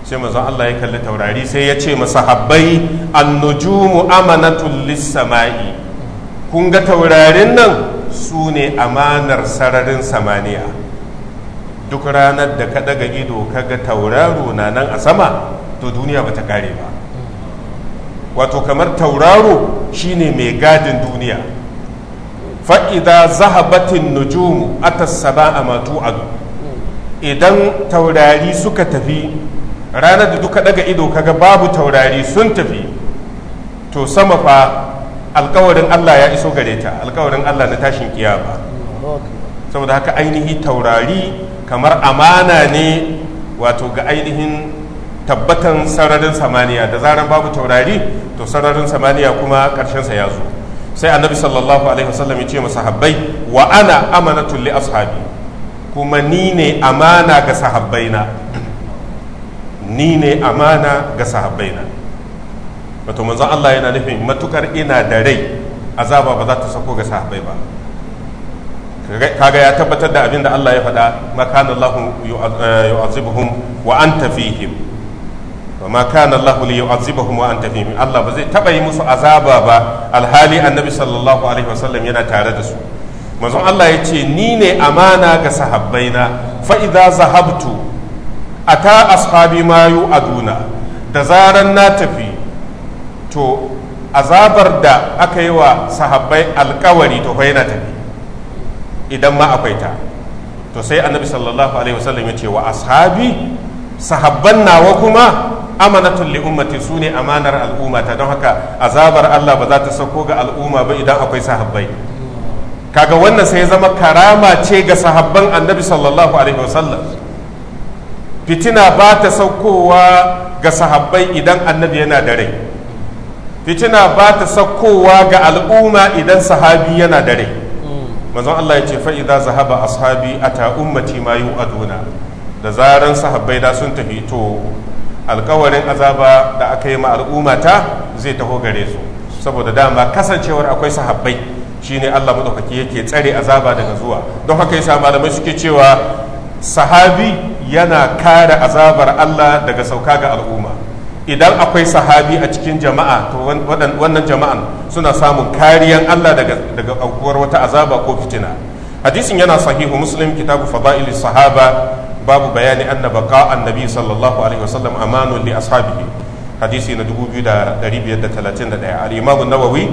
sai manzon Allah ya kalli taurari sai ya ce masahabbai annujumu amanatul lis-sama'i kun ga taurarin nan su ne amanar sararin samaniya duk ranar da ka daga ido ka ga tauraro na nan a sama to duniya ba ta kare ba wato kamar tauraro shine mai gadin duniya fa'ida zahabatin nujumu atassaba a matu adu idan taurari suka tafi ranar da duka daga ido kaga babu taurari sun tafi to sama fa alkawarin Allah ya iso gare ta alkawarin Allah na tashin kiyama saboda haka ainihi taurari kamar amana ne wato ga ainihin tabbatan sararin samaniya da zarar babu taurari to sararin samaniya kuma ƙarshensa ya zo sai annabi sallallahu alaihi wasallam ya ce masa habbai wa ana amanatul li ashabi kuma ni ne amana ga sahabbaina ni ne amana ga sahabbaina wato manzon Allah yana nufin matukar ina da rai azaba ba za ta sako ga sahabbai ba kaga ya tabbatar da abin da Allah ya faɗa makanallahu eh, yu'azibuhum wa anta fihim wa ma kana Allahu li yu'azzibahum wa anta fihim Allah ba zai taba yi musu azaba ba alhali annabi sallallahu alaihi wasallam yana tare da su manzon Allah ya ce ni ne amana ga sahabbaina fa idza zahabtu ata ashabi ma yu'aduna da zaran na tafi to azabar da aka yi wa sahabbai alkawari to na tafi idan ma akwai ta to sai annabi sallallahu alaihi wasallam ya ce wa ashabi sahabban nawa kuma amanatun li ummati su ne amanar al'umma ta don haka azabar Allah ba za ta sauko ga al'umma ba idan akwai sahabbai kaga wannan sai zama karama ce ga sahabban annabi sallallahu alaihi wasallam fitina ba ta saukowa ga sahabbai idan annabi yana da rai fitina ba ta saukowa ga al'umma idan sahabi yana da rai manzon Allah ya ce fa idza zahaba ashabi ata ummati ma yu'aduna da zaran sahabbai da sun tafi to alkawarin azaba da aka yi ma ta zai taho gare su saboda dama kasancewar akwai sahabbai shine Allah madaukaki yake tsare azaba daga zuwa don haka yasa malamai suke cewa sahabi yana kare azabar Allah daga sauka ga al'umma idan akwai sahabi a cikin jama'a to wannan jama'an suna samun kariyan Allah daga daga aukuwar wata azaba ko fitina hadisin yana sahihu muslim kitabu fada'il sahaba babu bayani anna baqa annabi sallallahu alaihi wasallam amanun li ashabihi hadisi na 2531 al-imam an-nawawi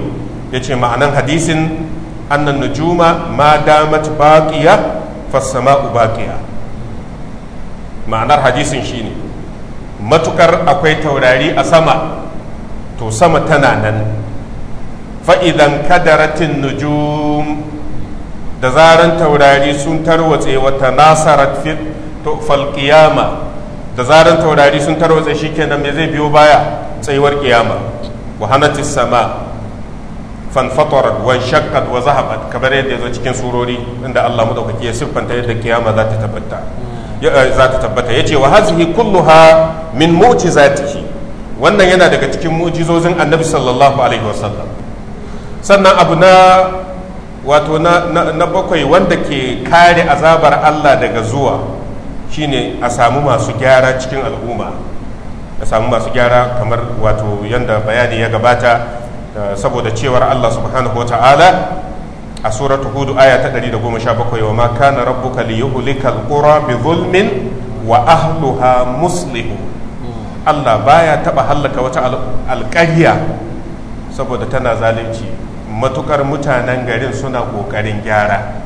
yace ma'anan hadisin annan nujuma ma damat baqiya fas-sama'u baqiya ma'anar hadisin shine matukar akwai taurari a sama to sama tana nan fa'idan kadaratin nujum da zaran taurari sun tarwatse wata nasarar to falkiyama da zaran taurari sun tarwatsa shikenan me zai biyo baya tsayuwar kiyama wa sama sama fanfatarat wa shakkat wa zahabat kamar yadda yazo cikin surori inda Allah madaukaki ya siffanta yadda kiyama za ta tabbata eh, za ta tabbata yace wa hazihi kulluha min mu'jizatihi wannan yana daga cikin mu'jizozin annabi sallallahu alaihi wasallam sannan abu na wato na bakwai wanda ke kare azabar Allah daga zuwa shine a samu masu gyara cikin al'umma a samu masu gyara kamar wato yadda bayani ya gabata saboda cewar Allah subhanahu wa ta'ala a suratu hudu aya ta 117 wa ma kana rabbuka li yuhlikal bi zulmin wa ahluha muslimu. Allah baya taba hallaka wata alƙarya saboda tana zalunci matukar mutanen garin suna ƙoƙarin gyara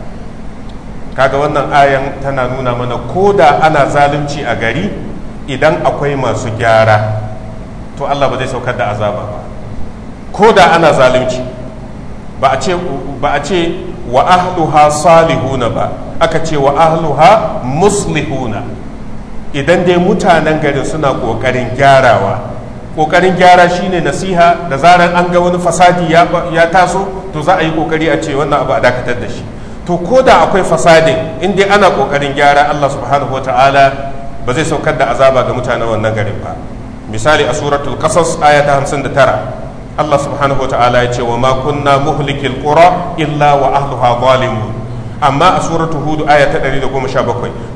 kaga wannan ayan tana nuna mana ko da ana zalunci a gari idan akwai masu gyara to Allah ba zai saukar da azaba ba ko da ana zalunci ba a ce ba a ce wa ahluha salihuna ba aka ce wa ahluha muslihuna idan dai mutanen garin suna kokarin gyarawa kokarin gyara shine nasiha da zarar an ga wani fasadi ya taso to za a yi kokari a ce wannan abu a dakatar da shi to ko da akwai fasadin in dai ana kokarin gyara Allah subhanahu wa ta'ala ba zai saukar da azaba ga mutanen wannan garin ba misali a suratul qasas aya ta 59 Allah subhanahu wa ta'ala ya ce wa ma kunna muhlikil qura illa wa ahluha zalimun amma a suratul hud aya ta 117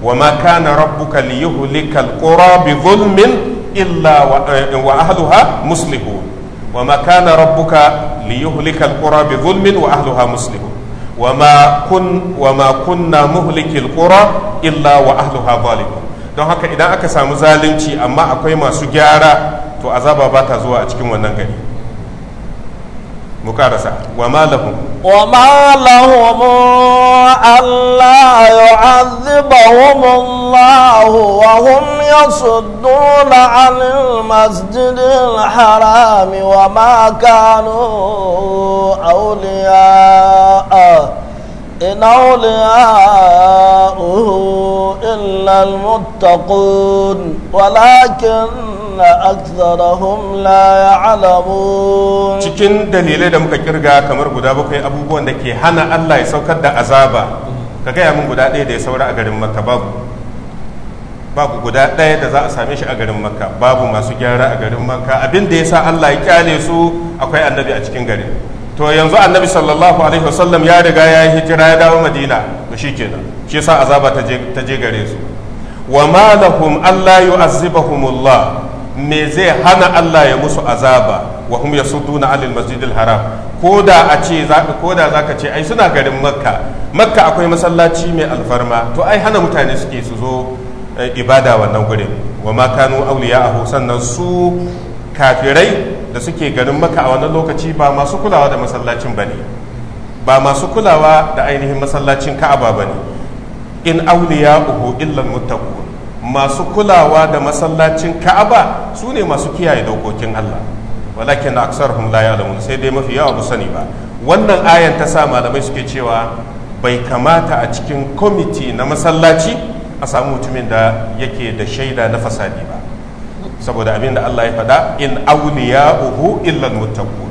wa ma kana rabbuka liyuhlikal qura bi zulmin illa eh, wa ahluha muslihun wa ma kana rabbuka liyuhlikal qura bi zulmin wa ahluha muslihun wama kun kunna muhlikil qura illa wa ahluha zalimun don haka idan aka samu zalunci amma akwai masu gyara to azaba ba ta zuwa a cikin wannan gari مكارسة وما لهم وما لهم ألا يعذبهم الله وهم يصدون عن المسجد الحرام وما كانوا أولياءه إن أولياؤه إلا المتقون ولكن أكثرهم لا يعلمون cikin dalilai da muka kirga kamar guda bakwai abubuwan da ke hana Allah ya saukar da azaba ka gaya min guda ɗaya da ya saura a garin makka babu babu guda ɗaya da za a same shi a garin makka babu masu gyara a garin makka abin da ya sa Allah ya kyale su akwai annabi a cikin garin to yanzu annabi sallallahu alaihi wasallam ya riga ya yi hijira ya dawo madina to shikenan shi yasa azaba ta je gare su wa ma lahum alla allah me zai hana Allah ya musu azaba wa hum yasudduna alil masjidil haram ko a ce zaka ko da zaka ce ai suna garin makka makka akwai masallaci mai alfarma to ai hana mutane suke su zo eh, ibada wannan gurin wa ma kanu awliya'ahu sannan su kafirai da suke garin maka a wannan lokaci ba masu kulawa da masallacin ba ne ba masu kulawa da ainihin masallacin ka'aba ba ne in auliya uhu illan muttaqun masu kulawa da masallacin ka'aba su ne masu kiyaye dokokin allah walakin aksarhum la ya'lamun sai dai mafi yawa ba sani ba wannan ayan ta sa malamai suke cewa bai kamata a cikin kwamiti na masallaci a samu mutumin da yake da shaida na fasadi ba saboda abin da Allah ya faɗa in awliya'uhu illa muttaqun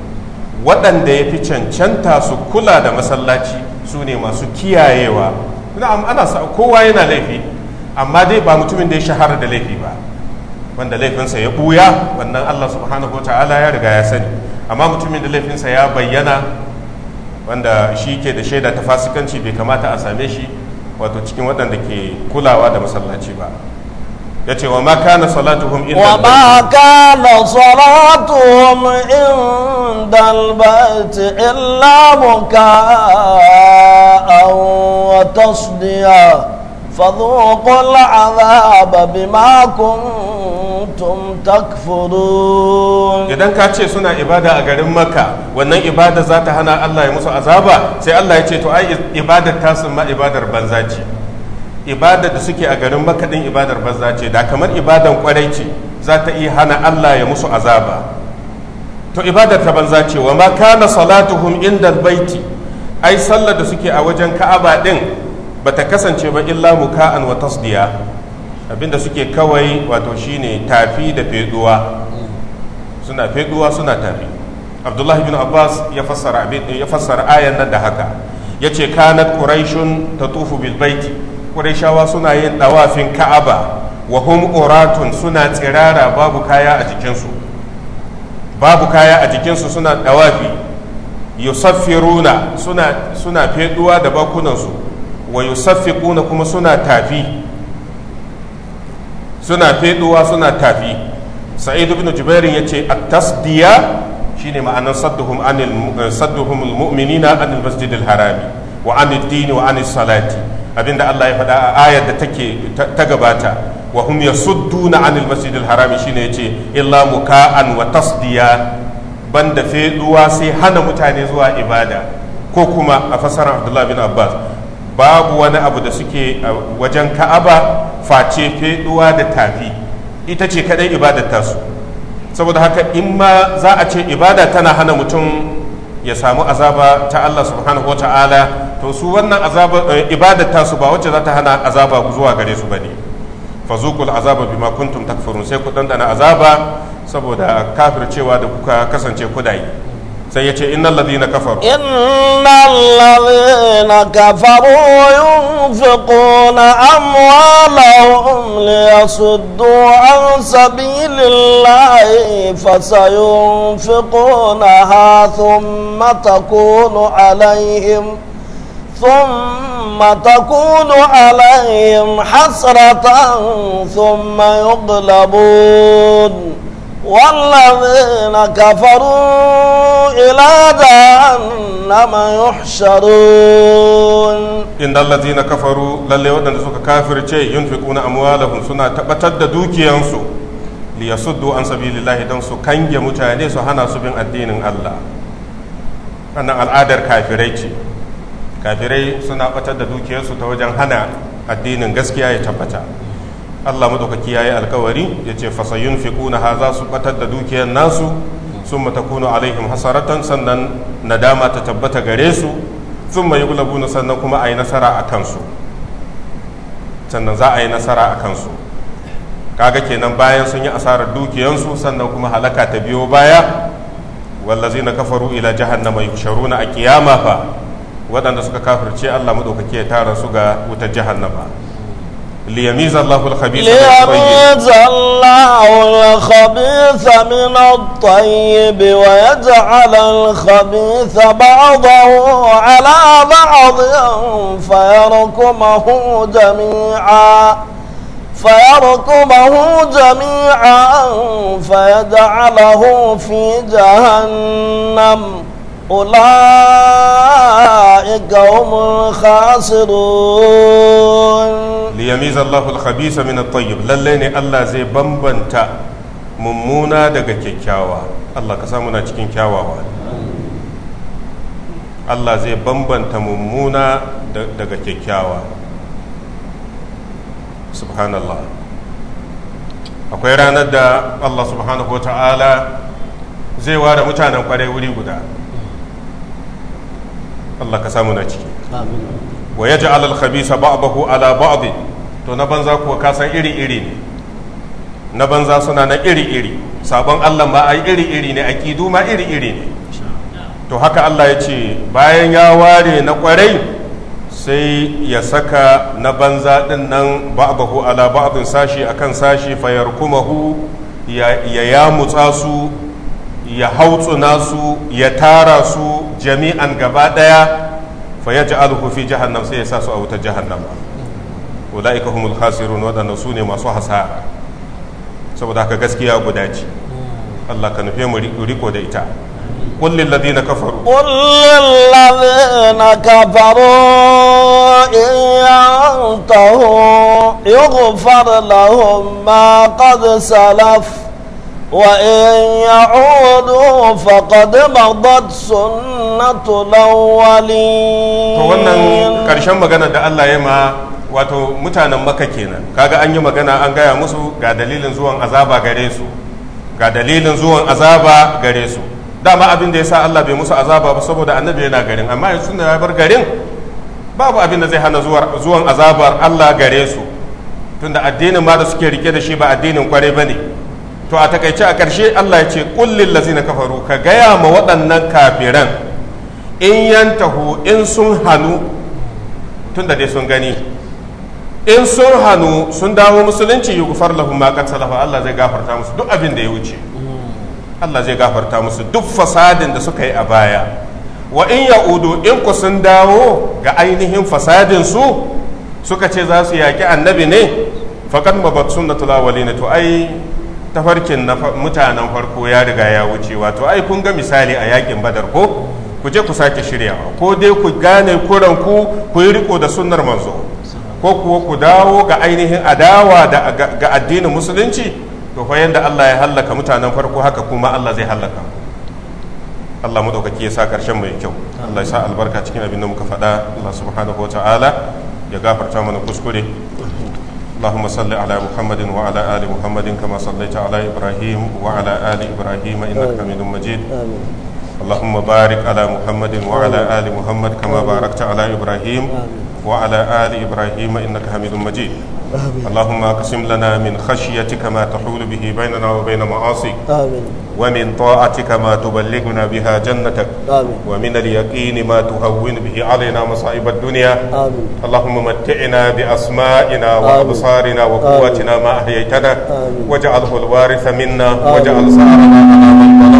waɗanda ya fi cancanta su kula da masallaci su ne masu kiyayewa na'am ana sa kowa yana laifi amma dai ba mutumin da ya shahara da laifi ba wanda laifinsa ya buya wannan Allah subhanahu ta'ala ya riga ya sani amma mutumin da laifinsa ya bayyana wanda shi ke da shaida ta fasikanci bai kamata a same shi wato cikin waɗanda ke kulawa da masallaci ba ya ce wa ma kana salatuhum inda wa ma kana salatuhum inda albayti illa muka'an wa tasdiya فذوقوا العذاب idan ka ce suna ibada a garin makka wannan ibada za ta hana Allah ya musu azaba sai Allah ya ce to ai ibadar tasu ma ibadar banza ibadar da suke a garin makaɗin ibadar banza ce da kamar ibadan kwarai ce za ta iya hana Allah ya musu azaba to ibadar ta banza ce wa ma kana salatuhum inda baiti ai sallar da suke a wajen ka'aba din bata kasance ba illa muka'an wa tasdiya abinda suke kawai wato shine tafi da feduwa suna feduwa suna tafi abdullahi bin abbas ya fassara ya fassara ayan nan da haka yace kanat quraishun tatufu bil baiti ƙurashawa suna yin ɗawafin ka'aba wa hum uratun suna tsirara babu kaya a jikinsu babu kaya a jikinsu suna ɗawafi yusaffiruna suna suna feduwa da bakunansu wa yusaffiquna kuma suna tafi suna feduwa suna tafi sa'id ibn jubair yace at-tasdiya shine ma'anar sadduhum anil sadduhum al-mu'minina anil masjidil harami wa anid dini wa anis salati abinda Allah ya faɗa a ayar da take ta gabata wa hum yasudduna anil masjidil harami shine yace illa muka'an wa tasdiya banda feduwa sai hana mutane zuwa ibada ko kuma a fasarar Abdullah bin Abbas babu wani abu da suke wajen Ka'aba face feduwa da tafi ita ce kadai ibadar tasu saboda haka in ma za a ce ibada tana hana mutum ya samu azaba ta Allah subhanahu wata'ala to su wannan azaba eh, ibadar tasu ba wacce za ta hana azaba zuwa gare su bane fazukul azaba bima kuntum takfurun sai ku dandana azaba saboda kafircewa da kuka kasance kudayi sai ya ce innal ladina kafaru innal ladina kafaru yunfiquna amwalahum liyasuddu an sabilillahi fasayunfiqunaha thumma takunu alaihim ثم تكون عليهم حسرة ثم يغلبون والذين كفروا إلى جهنم يحشرون إن الذين كفروا للي ودن سوك كافر شيء ينفقون أموالهم سنة تبتد دوكي ينسو ليصدوا عن سبيل الله دون سو كنجي متاني سو هنا سبين الدين الله أنا الأدر كافري kafirai suna batar da dukiyarsu ta wajen hana addinin gaskiya ya tabbata Allah madaukaki yayi alkawari yace fasayun fiquna ha za su batar da dukiyar nasu sun matakunu alaihim hasaratan sannan nadama ta tabbata gare su sun mai gulabuna sannan kuma a yi nasara a kansu sannan za a yi nasara a kansu kaga kenan bayan sun yi asarar dukiyansu sannan kuma halaka ta biyo baya zai na kafaru ila jahannama yusharuna a kiyama fa waɗanda suka kafarci allah maɗaukaki ya tara su ga wutar ba. ليميز الله الخبيث ليميز الله الخبيث من الطيب ويجعل الخبيث بعضه على بعض فيركمه جميعا فيركمه جميعا فيجعله في جهنم أولئك هم الخاسرون ليميز الله الخبيث من الطيب للين الله زي بمبنتا mummuna daga kyakkyawa Allah ka samu na cikin Allah zai bambanta mummuna daga kyakkyawa subhanallah akwai ranar da Allah subhanahu wa ta'ala zai ware mutanen kwarai wuri guda Allah ka samu na ciki wa ya ja'al al-khabisa ba'dahu ala to na banza kuwa ka san iri iri ne na banza suna na iri iri sabon Allah ba ai iri iri ne kidu ma iri iri ne to haka Allah ya ce bayan ya ware na kwarai sai ya saka na banza din nan ba'dahu ala ba'din sashi akan sashi fayarkumahu ya yamutsa su ya hautsuna su ya tara su jami'an gaba daya fa yaj'aluhu fi jahannam sai ya sa su a wutar jahannam ulaika humul khasirun wadannan su ne masu hasara saboda haka gaskiya guda ce Allah ka nufe mu riko da ita قل للذين كفروا قل للذين كفروا إن ينتهوا يغفر لهم ما قد سلف وإن يعودوا فقد مضت سنة الأولين to wannan karshen magana da Allah ya ma wato mutanen Makka kenan kaga an yi magana an gaya musu ga dalilin zuwan azaba gare su ga dalilin zuwan azaba gare su dama abin da ya sa Allah bai musu azaba ba saboda annabi yana garin amma yanzu sunna ya bar garin babu abin da zai hana zuwan azabar Allah gare su tunda addinin ma da suke rike da shi ba addinin kwarai bane ne to a takaice a ƙarshe Allah ya ce kullin lazina kafaru ka gaya ma waɗannan kafiran in yantahu in sun hannu tun da dai sun gani in sun hannu sun dawo musulunci yi gufar lahum ma salafa Allah zai gafarta musu duk abin da ya wuce Allah zai gafarta musu duk fasadin da suka yi a baya wa in ya ya'udu in ku sun dawo ga ainihin fasadin su suka ce za su yaƙi annabi ne fakat na tulawali ne to ai tafarkin na mutanen farko ya riga ya wuce wato ai kun ga misali a yakin badar ko ku je ku sake shiryawa ko dai ku gane kuran ku ku yi riko da sunnar manzo ko kuwa ku dawo ga ainihin adawa da ga addinin musulunci to fa yanda Allah ya hallaka mutanen farko haka kuma Allah zai hallaka Allah mu dauka ya sa karshen mai kyau Allah ya sa albarka cikin abin da muka faɗa Allah subhanahu wa ta'ala ya gafarta mana kuskure اللهم صل على محمد وعلى آل محمد كما صليت على إبراهيم وعلى آل إبراهيم إنك حميد مجيد آمين. اللهم بارك على محمد وعلى آل محمد كما باركت على إبراهيم آمين. وعلى آل إبراهيم إنك حميد مجيد آمين. اللهم اقسم لنا من خشيتك ما تحول به بيننا وبين معاصيك آمين. ومن طاعتك ما تبلغنا بها جنتك آمين. ومن اليقين ما تهون به علينا مصائب الدنيا آمين. اللهم متعنا بأسمائنا وأبصارنا وقوتنا ما أحييتنا واجعله الوارث منا واجعل سعرنا على من ظلمنا